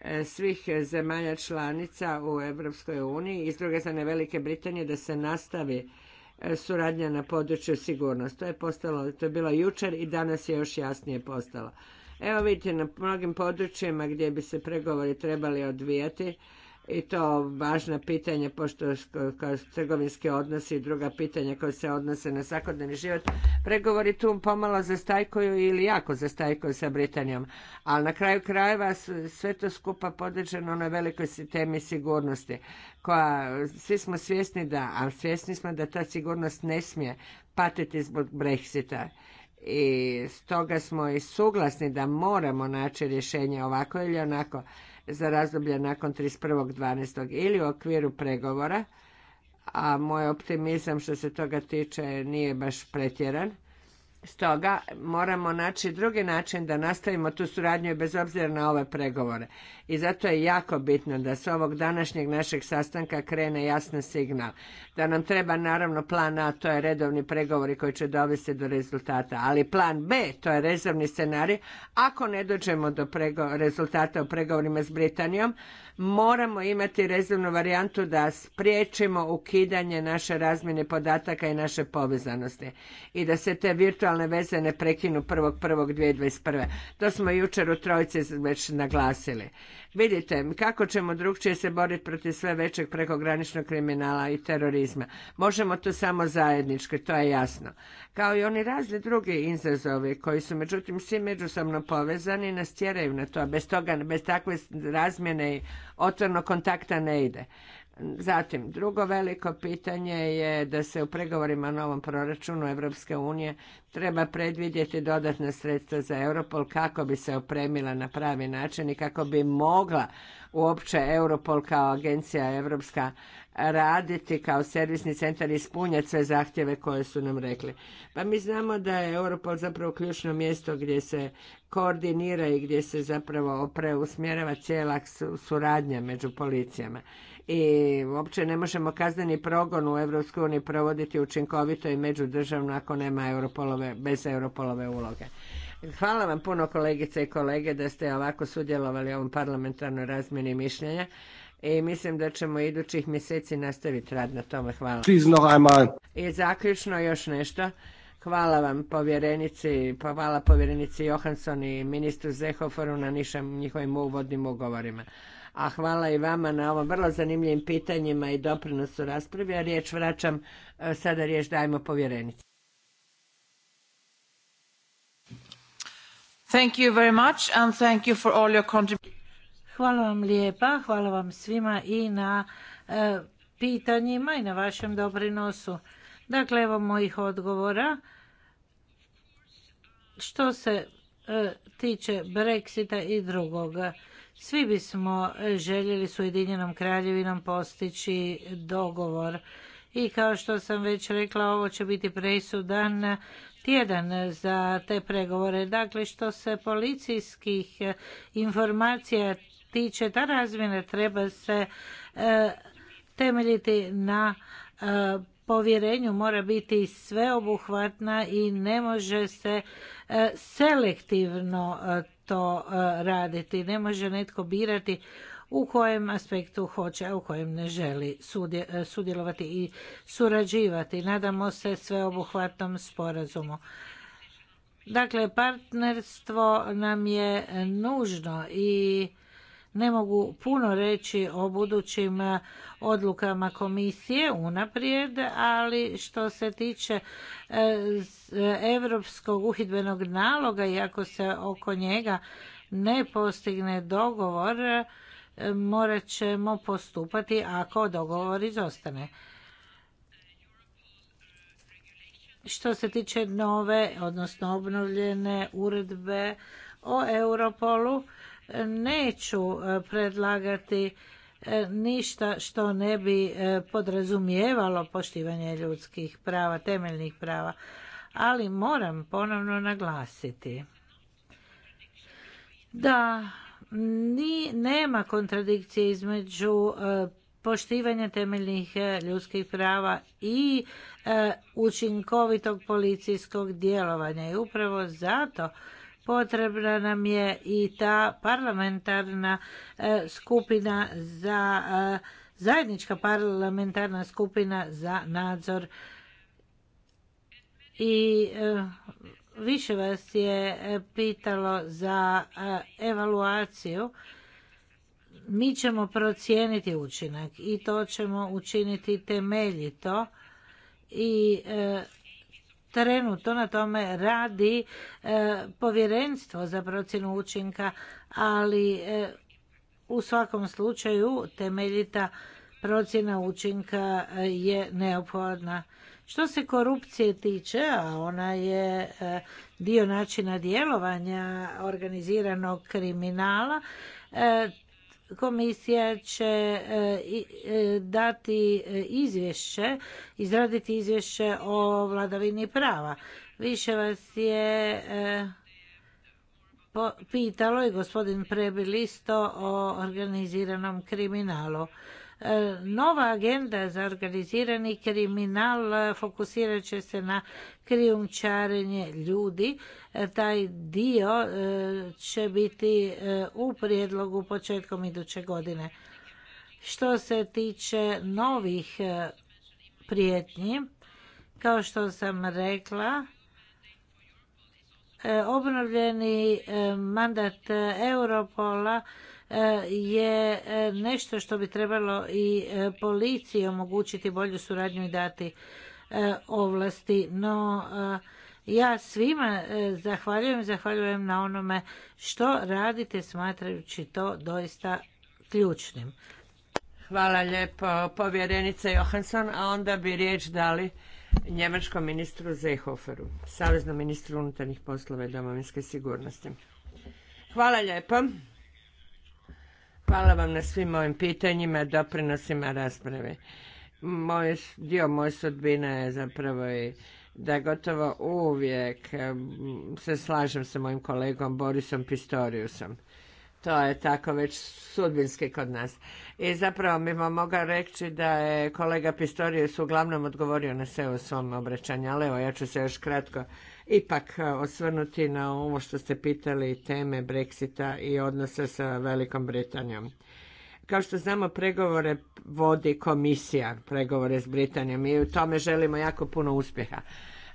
e, svih zemalja članica u Europskoj uniji i s druge strane Velike Britanije da se nastavi E, suradnja na području sigurnosti. To je postalo, to je bilo jučer i danas je još jasnije postalo. Evo vidite, na mnogim područjima gdje bi se pregovori trebali odvijati, i to važna pitanja pošto kao trgovinski odnosi i druga pitanja koja se odnose na svakodnevni život. Pregovori tu pomalo zastajkuju ili jako zastajkuju sa Britanijom, ali na kraju krajeva sve to skupa podređeno na velikoj temi sigurnosti koja svi smo svjesni da, a svjesni smo da ta sigurnost ne smije patiti zbog Brexita i stoga smo i suglasni da moramo naći rješenje ovako ili onako za razdoblje nakon 31.12. ili u okviru pregovora, a moj optimizam što se toga tiče nije baš pretjeran, Stoga moramo naći drugi način da nastavimo tu suradnju bez obzira na ove pregovore. I zato je jako bitno da s ovog današnjeg našeg sastanka krene jasan signal. Da nam treba naravno plan A, to je redovni pregovori koji će dovesti do rezultata, ali plan B, to je rezervni scenarij, ako ne dođemo do rezultata u pregovorima s Britanijom, moramo imati rezervnu varijantu da spriječimo ukidanje naše razmjene podataka i naše povezanosti i da se te virtualne veze ne prekinu 1.1.2021. To smo jučer u Trojici već naglasili. Vidite, kako ćemo drugčije se boriti protiv sve većeg prekograničnog kriminala i terorizma. Možemo to samo zajednički, to je jasno. Kao i oni razni drugi izazovi koji su međutim svi međusobno povezani nas tjeraju na to, a bez toga, bez takve razmjene i otvornog kontakta ne ide. Zatim, drugo veliko pitanje je da se u pregovorima o novom proračunu Europske unije treba predvidjeti dodatna sredstva za Europol kako bi se opremila na pravi način i kako bi mogla uopće Europol kao agencija europska raditi kao servisni centar i ispunjati sve zahtjeve koje su nam rekli. Pa mi znamo da je Europol zapravo ključno mjesto gdje se koordinira i gdje se zapravo preusmjerava cijela suradnja među policijama i uopće ne možemo kazneni progon u EU provoditi učinkovito i međudržavno ako nema Europolove, bez Europolove uloge. Hvala vam puno kolegice i kolege da ste ovako sudjelovali u ovom parlamentarnoj razmjeni mišljenja i mislim da ćemo idućih mjeseci nastaviti rad na tome. Hvala. I zaključno još nešto. Hvala vam povjerenici, hvala povjerenici Johansson i ministru Zehoforu na nišem njihovim uvodnim ugovorima a hvala i vama na ovom vrlo zanimljivim pitanjima i doprinosu raspravi, a riječ vraćam, e, sada riječ dajmo povjerenici. Thank you very much and thank you for all your Hvala vam lijepa, hvala vam svima i na e, pitanjima i na vašem doprinosu. Dakle, evo mojih odgovora. Što se e, tiče Brexita i drugog, svi bismo željeli s Ujedinjenom kraljevinom postići dogovor. I kao što sam već rekla, ovo će biti presudan tjedan za te pregovore. Dakle, što se policijskih informacija tiče, ta razmjena treba se e, temeljiti na e, povjerenju, mora biti sveobuhvatna i ne može se e, selektivno to e, raditi. Ne može netko birati u kojem aspektu hoće, a u kojem ne želi e, sudjelovati i surađivati. Nadamo se sveobuhvatnom sporazumu. Dakle, partnerstvo nam je nužno i ne mogu puno reći o budućim e, odlukama komisije unaprijed, ali što se tiče europskog e, uhidbenog naloga i ako se oko njega ne postigne dogovor, e, morat ćemo postupati ako dogovor izostane. Što se tiče nove, odnosno obnovljene uredbe o Europolu, neću e, predlagati e, ništa što ne bi e, podrazumijevalo poštivanje ljudskih prava, temeljnih prava. Ali moram ponovno naglasiti da ni nema kontradikcije između poštivanja temeljnih ljudskih prava i učinkovitog policijskog djelovanja i upravo zato potrebna nam je i ta parlamentarna e, skupina za e, zajednička parlamentarna skupina za nadzor i e, više vas je pitalo za evaluaciju mi ćemo procijeniti učinak i to ćemo učiniti temeljito i trenutno na tome radi e, povjerenstvo za procjenu učinka, ali e, u svakom slučaju temeljita procjena učinka e, je neophodna. Što se korupcije tiče, a ona je dio načina djelovanja organiziranog kriminala, komisija će e, e, dati e, izvješće, izraditi izvješće o vladavini prava. Više vas je pitalo i gospodin Prebilisto o organiziranom kriminalu. E, nova agenda za organizirani kriminal e, fokusirat će se na krijumčarenje ljudi. E, taj dio će biti u prijedlogu početkom iduće godine. Što se tiče novih prijetnji, kao što sam rekla, obnovljeni mandat Europola E, je e, nešto što bi trebalo i e, policiji omogućiti bolju suradnju i dati ovlasti. No, ja svima zahvaljujem, zahvaljujem na onome što radite smatrajući to doista ključnim. Hvala lijepo povjerenice Johansson, a onda bi riječ dali njemačkom ministru Zehoferu, saveznom ministru unutarnjih poslova i domovinske sigurnosti. Hvala lijepo. Hvala vam na svim mojim pitanjima, doprinosima rasprave. dio moje sudbine je zapravo i da gotovo uvijek se slažem sa mojim kolegom Borisom Pistoriusom. To je tako već sudbinski kod nas. I zapravo mi vam mogao reći da je kolega Pistorius uglavnom odgovorio na sve u svom obraćanju, ali evo ja ću se još kratko ipak e, osvrnuti na ovo što ste pitali teme Brexita i odnose sa Velikom Britanijom. Kao što znamo, pregovore vodi komisija, pregovore s Britanijom i u tome želimo jako puno uspjeha.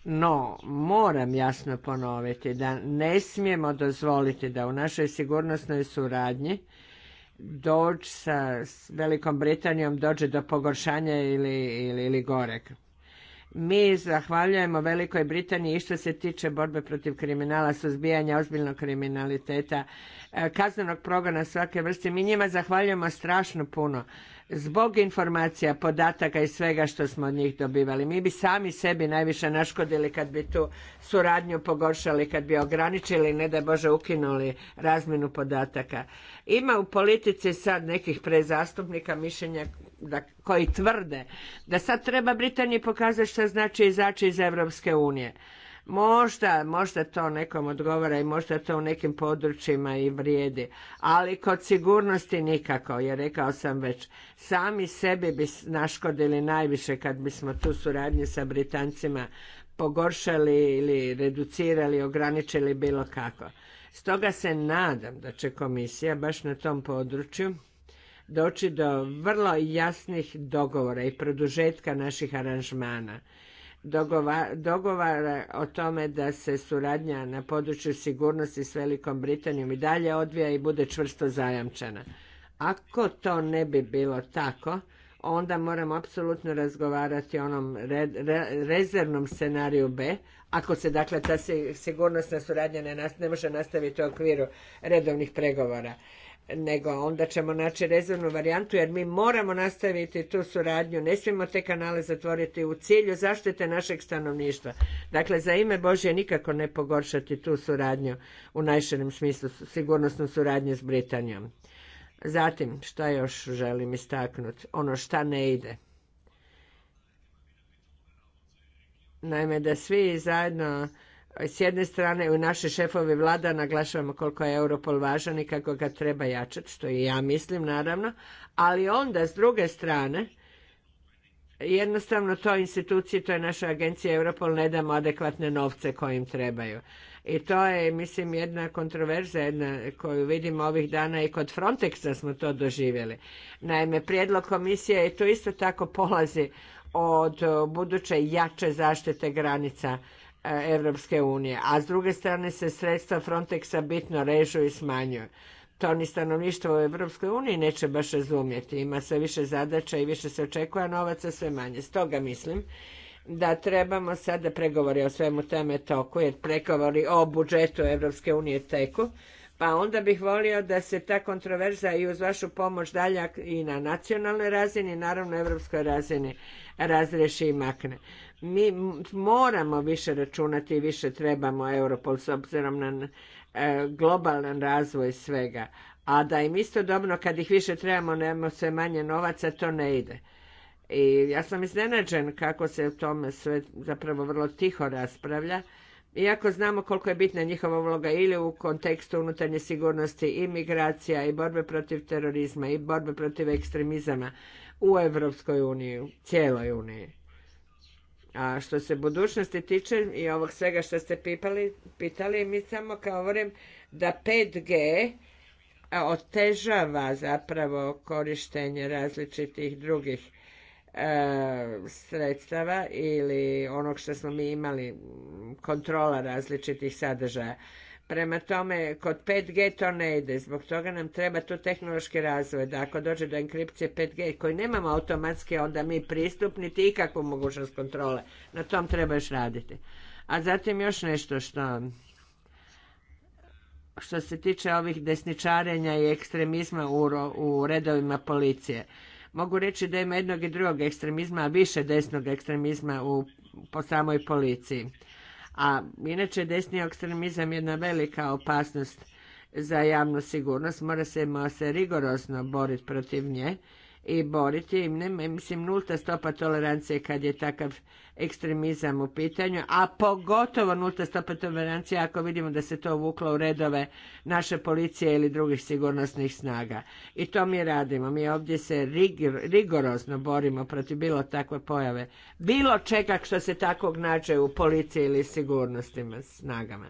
No, moram jasno ponoviti da ne smijemo dozvoliti da u našoj sigurnosnoj suradnji dođe sa Velikom Britanijom dođe do pogoršanja ili, ili, ili goreg mi zahvaljujemo Velikoj Britaniji što se tiče borbe protiv kriminala, suzbijanja ozbiljnog kriminaliteta, e, kaznenog progona svake vrste. Mi njima zahvaljujemo strašno puno zbog informacija, podataka i svega što smo od njih dobivali. Mi bi sami sebi najviše naškodili kad bi tu suradnju pogoršali, kad bi ograničili, ne da Bože ukinuli razminu podataka. Ima u politici sad nekih prezastupnika mišljenja da, koji tvrde da sad treba Britaniji pokazati što znači izaći iz Europske unije. Možda, možda to nekom odgovara i možda to u nekim područjima i vrijedi, ali kod sigurnosti nikako, jer rekao sam već, sami sebi bi naškodili najviše kad bismo tu suradnju sa Britancima pogoršali ili reducirali, ograničili bilo kako. Stoga se nadam da će komisija baš na tom području doći do vrlo jasnih dogovora i produžetka naših aranžmana dogovara, o tome da se suradnja na području sigurnosti s Velikom Britanijom i dalje odvija i bude čvrsto zajamčena. Ako to ne bi bilo tako, onda moramo apsolutno razgovarati o onom rezervnom scenariju B, ako se dakle ta sigurnosna suradnja ne može nastaviti u okviru redovnih pregovora nego onda ćemo naći rezervnu varijantu jer mi moramo nastaviti tu suradnju, ne smijemo te kanale zatvoriti u cilju zaštite našeg stanovništva. Dakle, za ime Božje nikako ne pogoršati tu suradnju u najširem smislu, sigurnosnu suradnju s Britanijom. Zatim, šta još želim istaknuti? Ono šta ne ide. Naime, da svi zajedno s jedne strane u naše šefove vlada naglašavamo koliko je Europol važan i kako ga treba jačati, što i ja mislim naravno, ali onda s druge strane jednostavno toj instituciji, je naša agencija Europol ne damo adekvatne novce kojim trebaju. I to je, mislim, jedna kontroverza jedna koju vidimo ovih dana i kod Frontexa smo to doživjeli. Naime, prijedlog komisije je tu isto tako polazi od buduće jače zaštite granica Eh, Evropske unije, a s druge strane se sredstva Frontexa bitno režu i smanjuju. To ni stanovništvo u Evropskoj uniji neće baš razumjeti. Ima sve više zadaća i više se očekuje, a novaca sve manje. Stoga mislim da trebamo sada pregovori o svemu teme toku, jer pregovori o budžetu Evropske unije teku, pa onda bih volio da se ta kontroverza i uz vašu pomoć dalje i na nacionalnoj razini, naravno na evropskoj razini razreši i makne. Mi moramo više računati i više trebamo Europol s obzirom na e, globalan razvoj svega. A da im istodobno kad ih više trebamo, nemamo sve manje novaca, to ne ide. I ja sam iznenađen kako se o tome sve zapravo vrlo tiho raspravlja. Iako znamo koliko je bitna njihova uloga ili u kontekstu unutarnje sigurnosti i migracija i borbe protiv terorizma i borbe protiv ekstremizama u Europskoj uniji, cijeloj uniji. A što se budućnosti tiče i ovog svega što ste pitali, mi samo kao govorim da 5G otežava zapravo korištenje različitih drugih e, sredstava ili onog što smo mi imali kontrola različitih sadržaja. Prema tome, kod 5G to ne ide, zbog toga nam treba tu tehnološki razvoj, da ako dođe do enkripcije 5G koji nemamo automatski, onda mi pristup niti ikakvu mogućnost kontrole. Na tom treba još raditi. A zatim još nešto što što se tiče ovih desničarenja i ekstremizma u, u redovima policije. Mogu reći da ima jednog i drugog ekstremizma, a više desnog ekstremizma u, po samoj policiji. A inače desni ekstremizam je jedna velika opasnost za javnu sigurnost. Mora se, mora se rigorozno boriti protiv nje i boriti. mislim, nulta stopa tolerancije kad je takav ekstremizam u pitanju, a pogotovo nulta stopa tolerancije ako vidimo da se to vuklo u redove naše policije ili drugih sigurnosnih snaga. I to mi radimo. Mi ovdje se rigorozno borimo protiv bilo takve pojave. Bilo čega što se takvog nađe u policiji ili sigurnostima, snagama.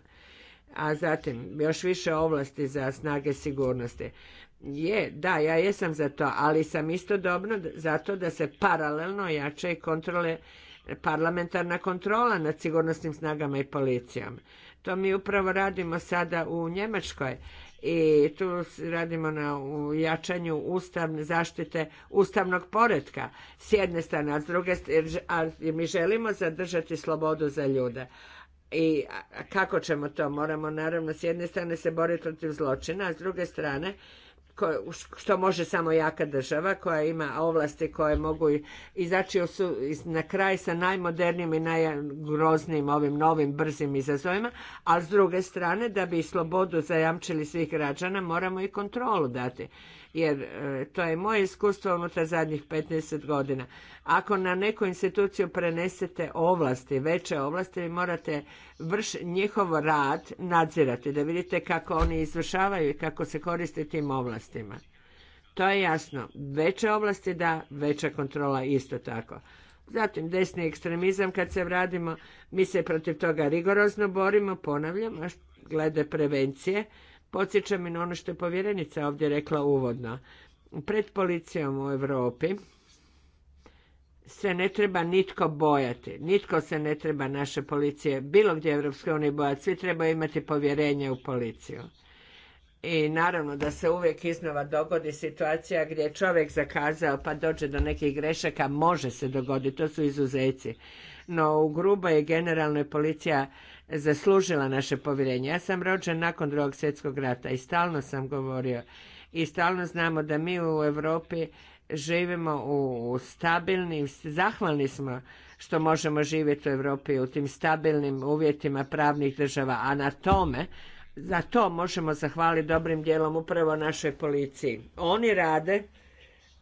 A zatim, još više ovlasti za snage sigurnosti. Je, da, ja jesam za to, ali sam istodobno za to da se paralelno jače kontrole parlamentarna kontrola nad sigurnosnim snagama i policijom. To mi upravo radimo sada u Njemačkoj i tu radimo na jačanju ustavne zaštite ustavnog poretka s jedne strane, a s druge strane, mi želimo zadržati slobodu za ljude. I kako ćemo to? Moramo naravno s jedne strane se boriti protiv zločina, a s druge strane što može samo jaka država koja ima ovlasti koje mogu izaći na kraj sa najmodernijim i najgroznijim ovim novim brzim izazovima, ali s druge strane da bi slobodu zajamčili svih građana moramo i kontrolu dati jer e, to je moje iskustvo unutar zadnjih 15 godina. Ako na neku instituciju prenesete ovlasti, veće ovlasti, vi morate vrš njihov rad nadzirati, da vidite kako oni izvršavaju i kako se koriste tim ovlastima. To je jasno. Veće ovlasti da, veća kontrola isto tako. Zatim desni ekstremizam kad se vradimo, mi se protiv toga rigorozno borimo, ponavljam, glede prevencije Podsjeća i na ono što je povjerenica ovdje rekla uvodno. Pred policijom u Europi se ne treba nitko bojati. Nitko se ne treba naše policije, bilo gdje Evropske unije bojati. Svi trebaju imati povjerenje u policiju. I naravno da se uvijek iznova dogodi situacija gdje je čovjek zakazao pa dođe do nekih grešaka, može se dogoditi, to su izuzeci. No u grubo je generalno policija zaslužila naše povjerenje. Ja sam rođen nakon drugog svjetskog rata i stalno sam govorio i stalno znamo da mi u Europi živimo u stabilnim, zahvalni smo što možemo živjeti u Europi u tim stabilnim uvjetima pravnih država, a na tome za to možemo zahvaliti dobrim dijelom upravo našoj policiji. Oni rade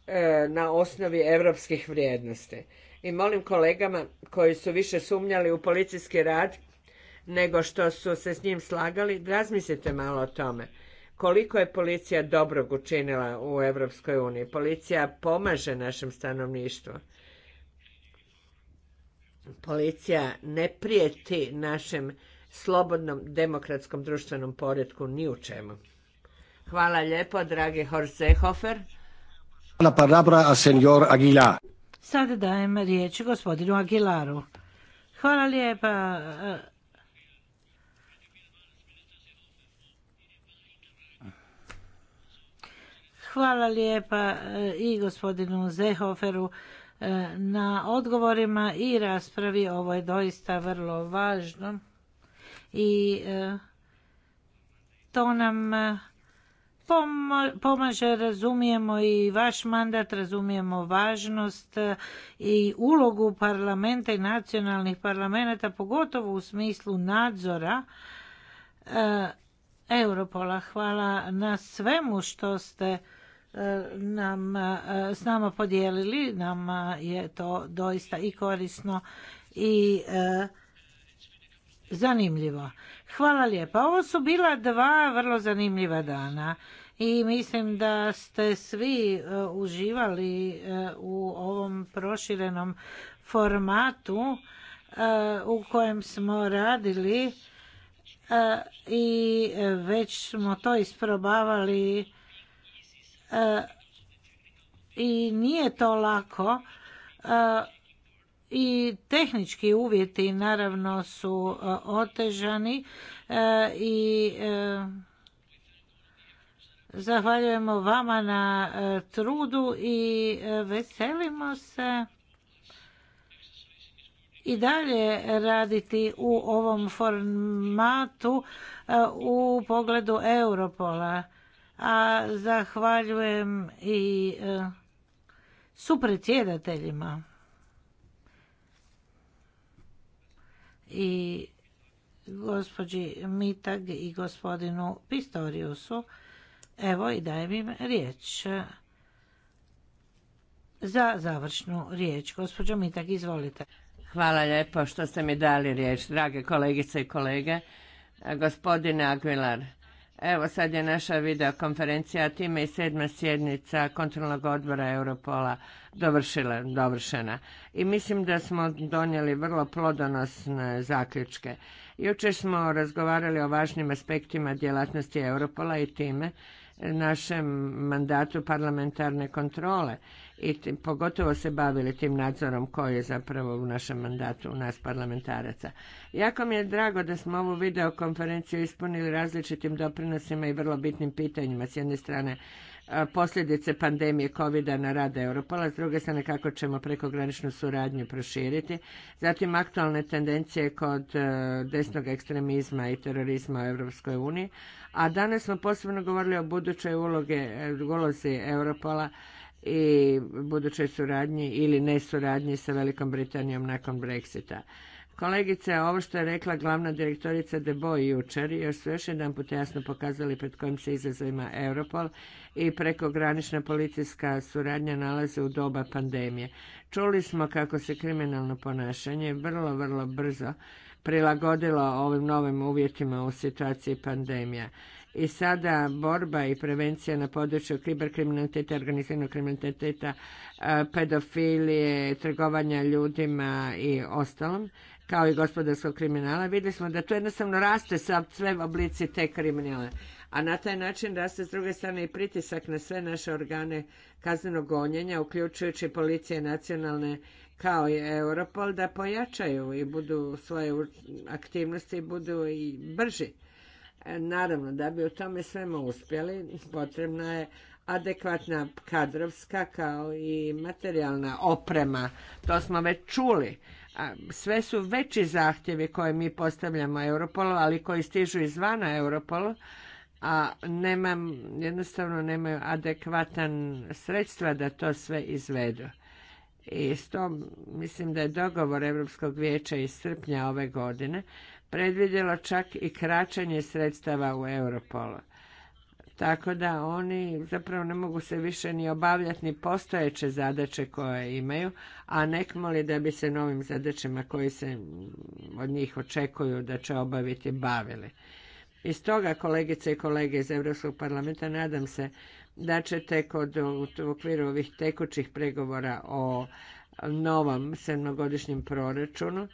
e, na osnovi europskih vrijednosti. I molim kolegama koji su više sumnjali u policijski rad nego što su se s njim slagali, razmislite malo o tome. Koliko je policija dobrog učinila u Europskoj uniji? Policija pomaže našem stanovništvu. Policija ne prijeti našem slobodnom demokratskom društvenom poredku ni u čemu. Hvala lijepo, dragi Horst Seehofer. La a senjor Aguilar. Sada dajem riječ gospodinu Aguilaru. Hvala lijepa Hvala lijepa e, i gospodinu Zehoferu e, na odgovorima i raspravi. Ovo je doista vrlo važno i e, to nam pomaže, razumijemo i vaš mandat, razumijemo važnost i ulogu parlamenta i nacionalnih parlamenta, pogotovo u smislu nadzora Europola. Hvala na svemu što ste nam, eh, s nama podijelili. Nama je to doista i korisno i eh, zanimljivo. Hvala lijepa. Ovo su bila dva vrlo zanimljiva dana i mislim da ste svi eh, uživali u ovom proširenom formatu u kojem smo radili i već smo to isprobavali i nije to lako e, i tehnički uvjeti naravno su e, otežani e, i zahvaljujemo vama na trudu i veselimo se i dalje raditi u ovom formatu u pogledu Europola a zahvaljujem i e, supredsjedateljima i gospođi Mitag i gospodinu Pistoriusu. Evo i dajem im riječ. Za završnu riječ. Gospođo Mitak, izvolite. Hvala lijepo što ste mi dali riječ, drage kolegice i kolege. Gospodine Aguilar, Evo sad je naša videokonferencija, time i sedma sjednica kontrolnog odbora Europola dovršena. I mislim da smo donijeli vrlo plodonosne zaključke. Jučer smo razgovarali o važnim aspektima djelatnosti Europola i time našem mandatu parlamentarne kontrole i pogotovo se bavili tim nadzorom koji je zapravo u našem mandatu u nas parlamentaraca. Jako mi je drago da smo ovu videokonferenciju ispunili različitim doprinosima i vrlo bitnim pitanjima. S jedne strane e, posljedice pandemije covid na rada Europola, s druge strane kako ćemo prekograničnu suradnju proširiti, zatim aktualne tendencije kod e, desnog ekstremizma i terorizma u Europskoj uniji, a danas smo posebno govorili o budućoj uloge, e, ulozi Europola i budućoj suradnji ili nesuradnji sa Velikom Britanijom nakon Brexita. Kolegice, ovo što je rekla glavna direktorica De Boy jučer, još su još jedan put jasno pokazali pred kojim se izazovima Europol i prekogranična policijska suradnja nalaze u doba pandemije. Čuli smo kako se kriminalno ponašanje vrlo, vrlo brzo prilagodilo ovim novim uvjetima u situaciji pandemija i sada borba i prevencija na području kriberkriminaliteta, organiziranog kriminaliteta, e, pedofilije, trgovanja ljudima i ostalom, kao i gospodarskog kriminala, vidjeli smo da to jednostavno raste sa sve oblici te kriminala. A na taj način raste s druge strane i pritisak na sve naše organe kaznenog gonjenja, uključujući policije nacionalne kao i Europol, da pojačaju i budu svoje aktivnosti i budu i brži E, naravno, da bi u tome svemu uspjeli, potrebna je adekvatna kadrovska kao i materijalna oprema. To smo već čuli. Sve su veći zahtjevi koje mi postavljamo Europolu, ali koji stižu izvana Europolu, a nemam, jednostavno nemaju adekvatan sredstva da to sve izvedu. I s tom mislim da je dogovor Europskog vijeća iz srpnja ove godine predvidjelo čak i kraćanje sredstava u Europolu. Tako da oni zapravo ne mogu se više ni obavljati ni postojeće zadaće koje imaju, a nekmo li da bi se novim zadaćama koji se od njih očekuju da će obaviti bavili. I toga, kolegice i kolege iz Europskog parlamenta, nadam se da ćete kod, u okviru ovih tekućih pregovora o novom sedmogodišnjem proračunu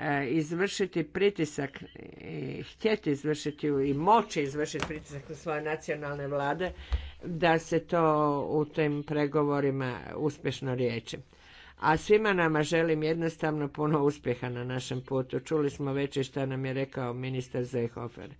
E, izvršiti pritisak, htjeti izvršiti i moći izvršiti pritisak na svoje nacionalne vlade da se to u tim pregovorima uspješno riječi. A svima nama želim jednostavno puno uspjeha na našem putu. Čuli smo već i što nam je rekao ministar Zehofer.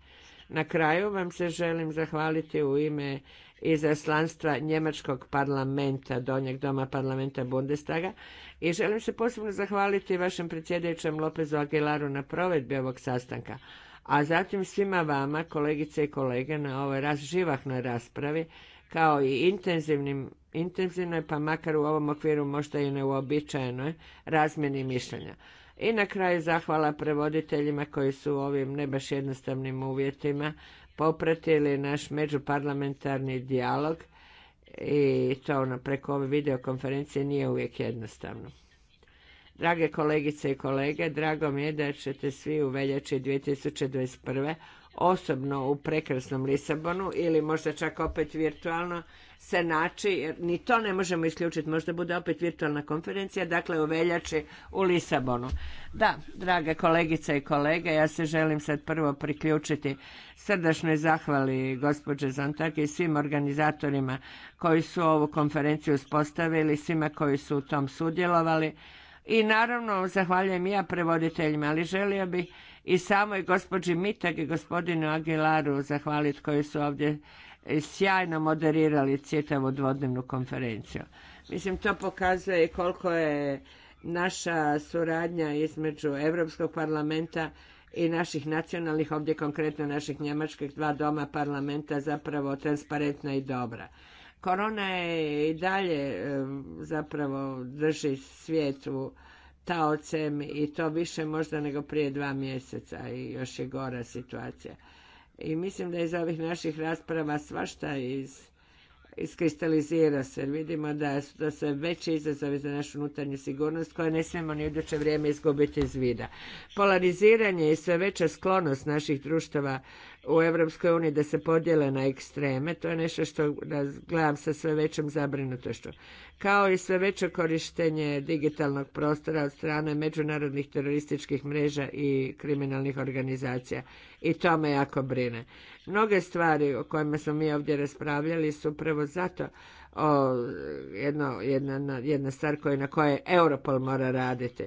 Na kraju vam se želim zahvaliti u ime izaslanstva Njemačkog parlamenta, Donjeg doma parlamenta Bundestaga i želim se posebno zahvaliti vašem predsjedajućem Lopezu Aguilaru na provedbi ovog sastanka, a zatim svima vama, kolegice i kolege, na ovoj razživahnoj živahnoj raspravi, kao i intenzivnoj, pa makar u ovom okviru možda i neuobičajenoj, razmjeni mišljenja. I na kraju zahvala prevoditeljima koji su u ovim ne baš jednostavnim uvjetima popratili naš međuparlamentarni dijalog i to ono, preko ove videokonferencije nije uvijek jednostavno. Drage kolegice i kolege, drago mi je da ćete svi u veljači 2021 osobno u prekrasnom Lisabonu ili možda čak opet virtualno se naći, jer ni to ne možemo isključiti, možda bude opet virtualna konferencija, dakle u veljači u Lisabonu. Da, drage kolegice i kolege, ja se želim sad prvo priključiti srdačnoj zahvali gospođe Zantaki i svim organizatorima koji su ovu konferenciju uspostavili, svima koji su u tom sudjelovali. I naravno, zahvaljujem i ja prevoditeljima, ali želio bih i samoj gospođi Mitak i gospodinu Aguilaru zahvaliti koji su ovdje sjajno moderirali cijetavu dvodnevnu konferenciju. Mislim, to pokazuje koliko je naša suradnja između Europskog parlamenta i naših nacionalnih, ovdje konkretno naših njemačkih dva doma parlamenta zapravo transparentna i dobra. Korona je i dalje zapravo drži svijet u taocem i to više možda nego prije dva mjeseca i još je gora situacija. I mislim da iz ovih naših rasprava svašta iz iskristalizira se. Vidimo da, da se veći izazovi za našu unutarnju sigurnost koje ne smijemo ni iduće vrijeme izgubiti iz vida. Polariziranje i sve veća sklonost naših društava u Europskoj uniji da se podijele na ekstreme, to je nešto što gledam sa sve većom zabrinutošću. Kao i sve veće korištenje digitalnog prostora od strane međunarodnih terorističkih mreža i kriminalnih organizacija. I to me jako brine. Mnoge stvari o kojima smo mi ovdje raspravljali su upravo zato o, jedno, jedna, jedna stvar koja, na kojoj Europol mora raditi.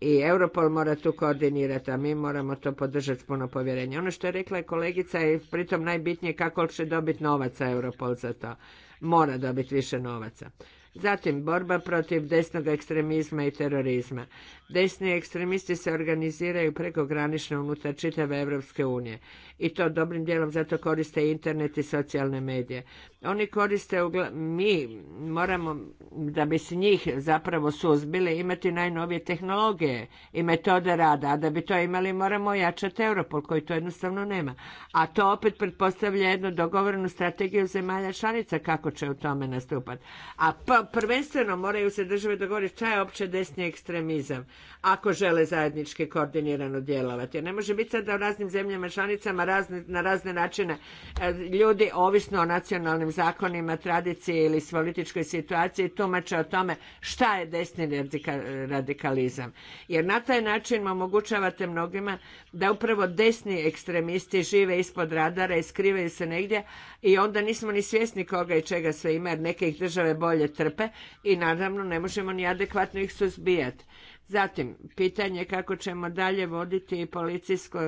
I Europol mora tu koordinirati, a mi moramo to podržati s puno povjerenja. Ono što je rekla je kolegica i pritom najbitnije kako će dobiti novaca Europol za to. Mora dobiti više novaca. Zatim, borba protiv desnog ekstremizma i terorizma. Desni ekstremisti se organiziraju prekogranično unutar čitave Evropske unije. I to dobrim dijelom zato koriste internet i socijalne medije. Oni koriste, mi moramo, da bi se njih zapravo suzbili, imati najnovije tehnologije i metode rada. A da bi to imali, moramo jačati Europol, koji to jednostavno nema. A to opet pretpostavlja jednu dogovornu strategiju zemalja članica kako će u tome nastupati. A pa prvenstveno moraju se države dogovoriti šta je opće desni ekstremizam ako žele zajednički koordinirano djelovati. Jer ne može biti sad da u raznim zemljama članicama razne, na razne načine e, ljudi ovisno o nacionalnim zakonima, tradiciji ili političkoj situaciji tumače o tome šta je desni radikalizam. Jer na taj način omogućavate mnogima da upravo desni ekstremisti žive ispod radara i skrivaju se negdje i onda nismo ni svjesni koga i čega sve ima jer neke ih države bolje trpe i naravno ne možemo ni adekvatno ih suzbijati. Zatim, pitanje kako ćemo dalje voditi policijsku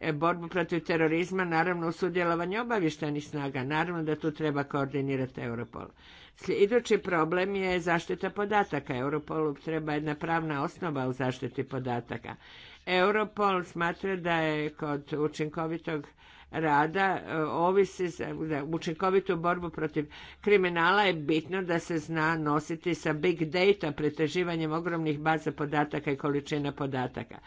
e, borbu protiv terorizma, naravno u sudjelovanju obavještajnih snaga. Naravno da tu treba koordinirati Europol. Idući problem je zaštita podataka. Europolu treba jedna pravna osnova u zaštiti podataka. Europol smatra da je kod učinkovitog rada e, ovisi za učinkovitu borbu protiv kriminala je bitno da se zna nositi sa big data, pretraživanjem ogromnih baza podataka i količina podataka.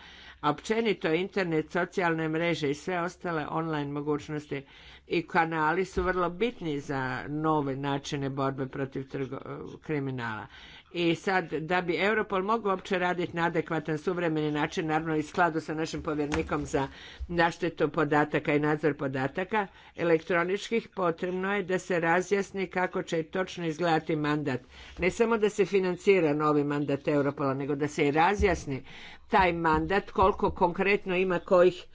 A općenito internet, socijalne mreže i sve ostale online mogućnosti i kanali su vrlo bitni za nove načine borbe protiv e, kriminala. I sad, da bi Europol mogao uopće raditi na adekvatan suvremeni način, naravno i skladu sa našim povjernikom za naštetu podataka i nadzor podataka elektroničkih, potrebno je da se razjasni kako će točno izgledati mandat. Ne samo da se financira novi mandat Europola, nego da se i razjasni taj mandat, koliko konkretno ima kojih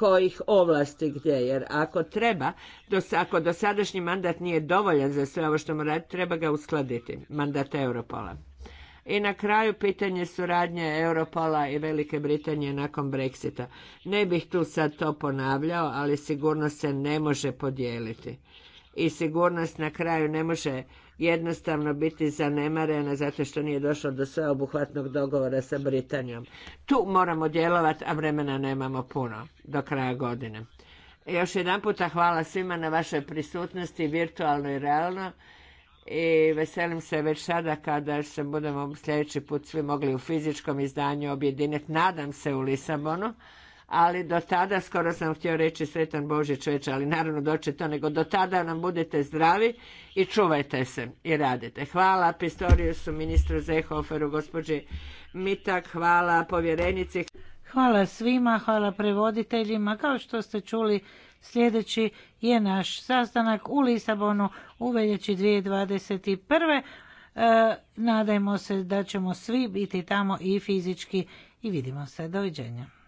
kojih ovlasti gdje, jer ako treba, dos, ako dosadašnji mandat nije dovoljan za sve ovo što mora treba ga uskladiti, mandat Europola. I na kraju pitanje suradnje Europola i Velike Britanije nakon Brexita. Ne bih tu sad to ponavljao, ali sigurnost se ne može podijeliti. I sigurnost na kraju ne može jednostavno biti zanemarena zato što nije došlo do sveobuhvatnog dogovora sa Britanijom. Tu moramo djelovati, a vremena nemamo puno do kraja godine. Još jedan puta hvala svima na vašoj prisutnosti, virtualno i realno. I veselim se već sada kada se budemo sljedeći put svi mogli u fizičkom izdanju objediniti, nadam se u Lisabonu ali do tada, skoro sam htio reći sretan Božić već, ali naravno doće to, nego do tada nam budete zdravi i čuvajte se i radite. Hvala Pistoriusu, ministru Zehoferu, gospođi Mitak, hvala povjerenici. Hvala svima, hvala prevoditeljima. Kao što ste čuli, sljedeći je naš sastanak u Lisabonu u veljači 2021. E, nadajmo se da ćemo svi biti tamo i fizički i vidimo se. Doviđenja.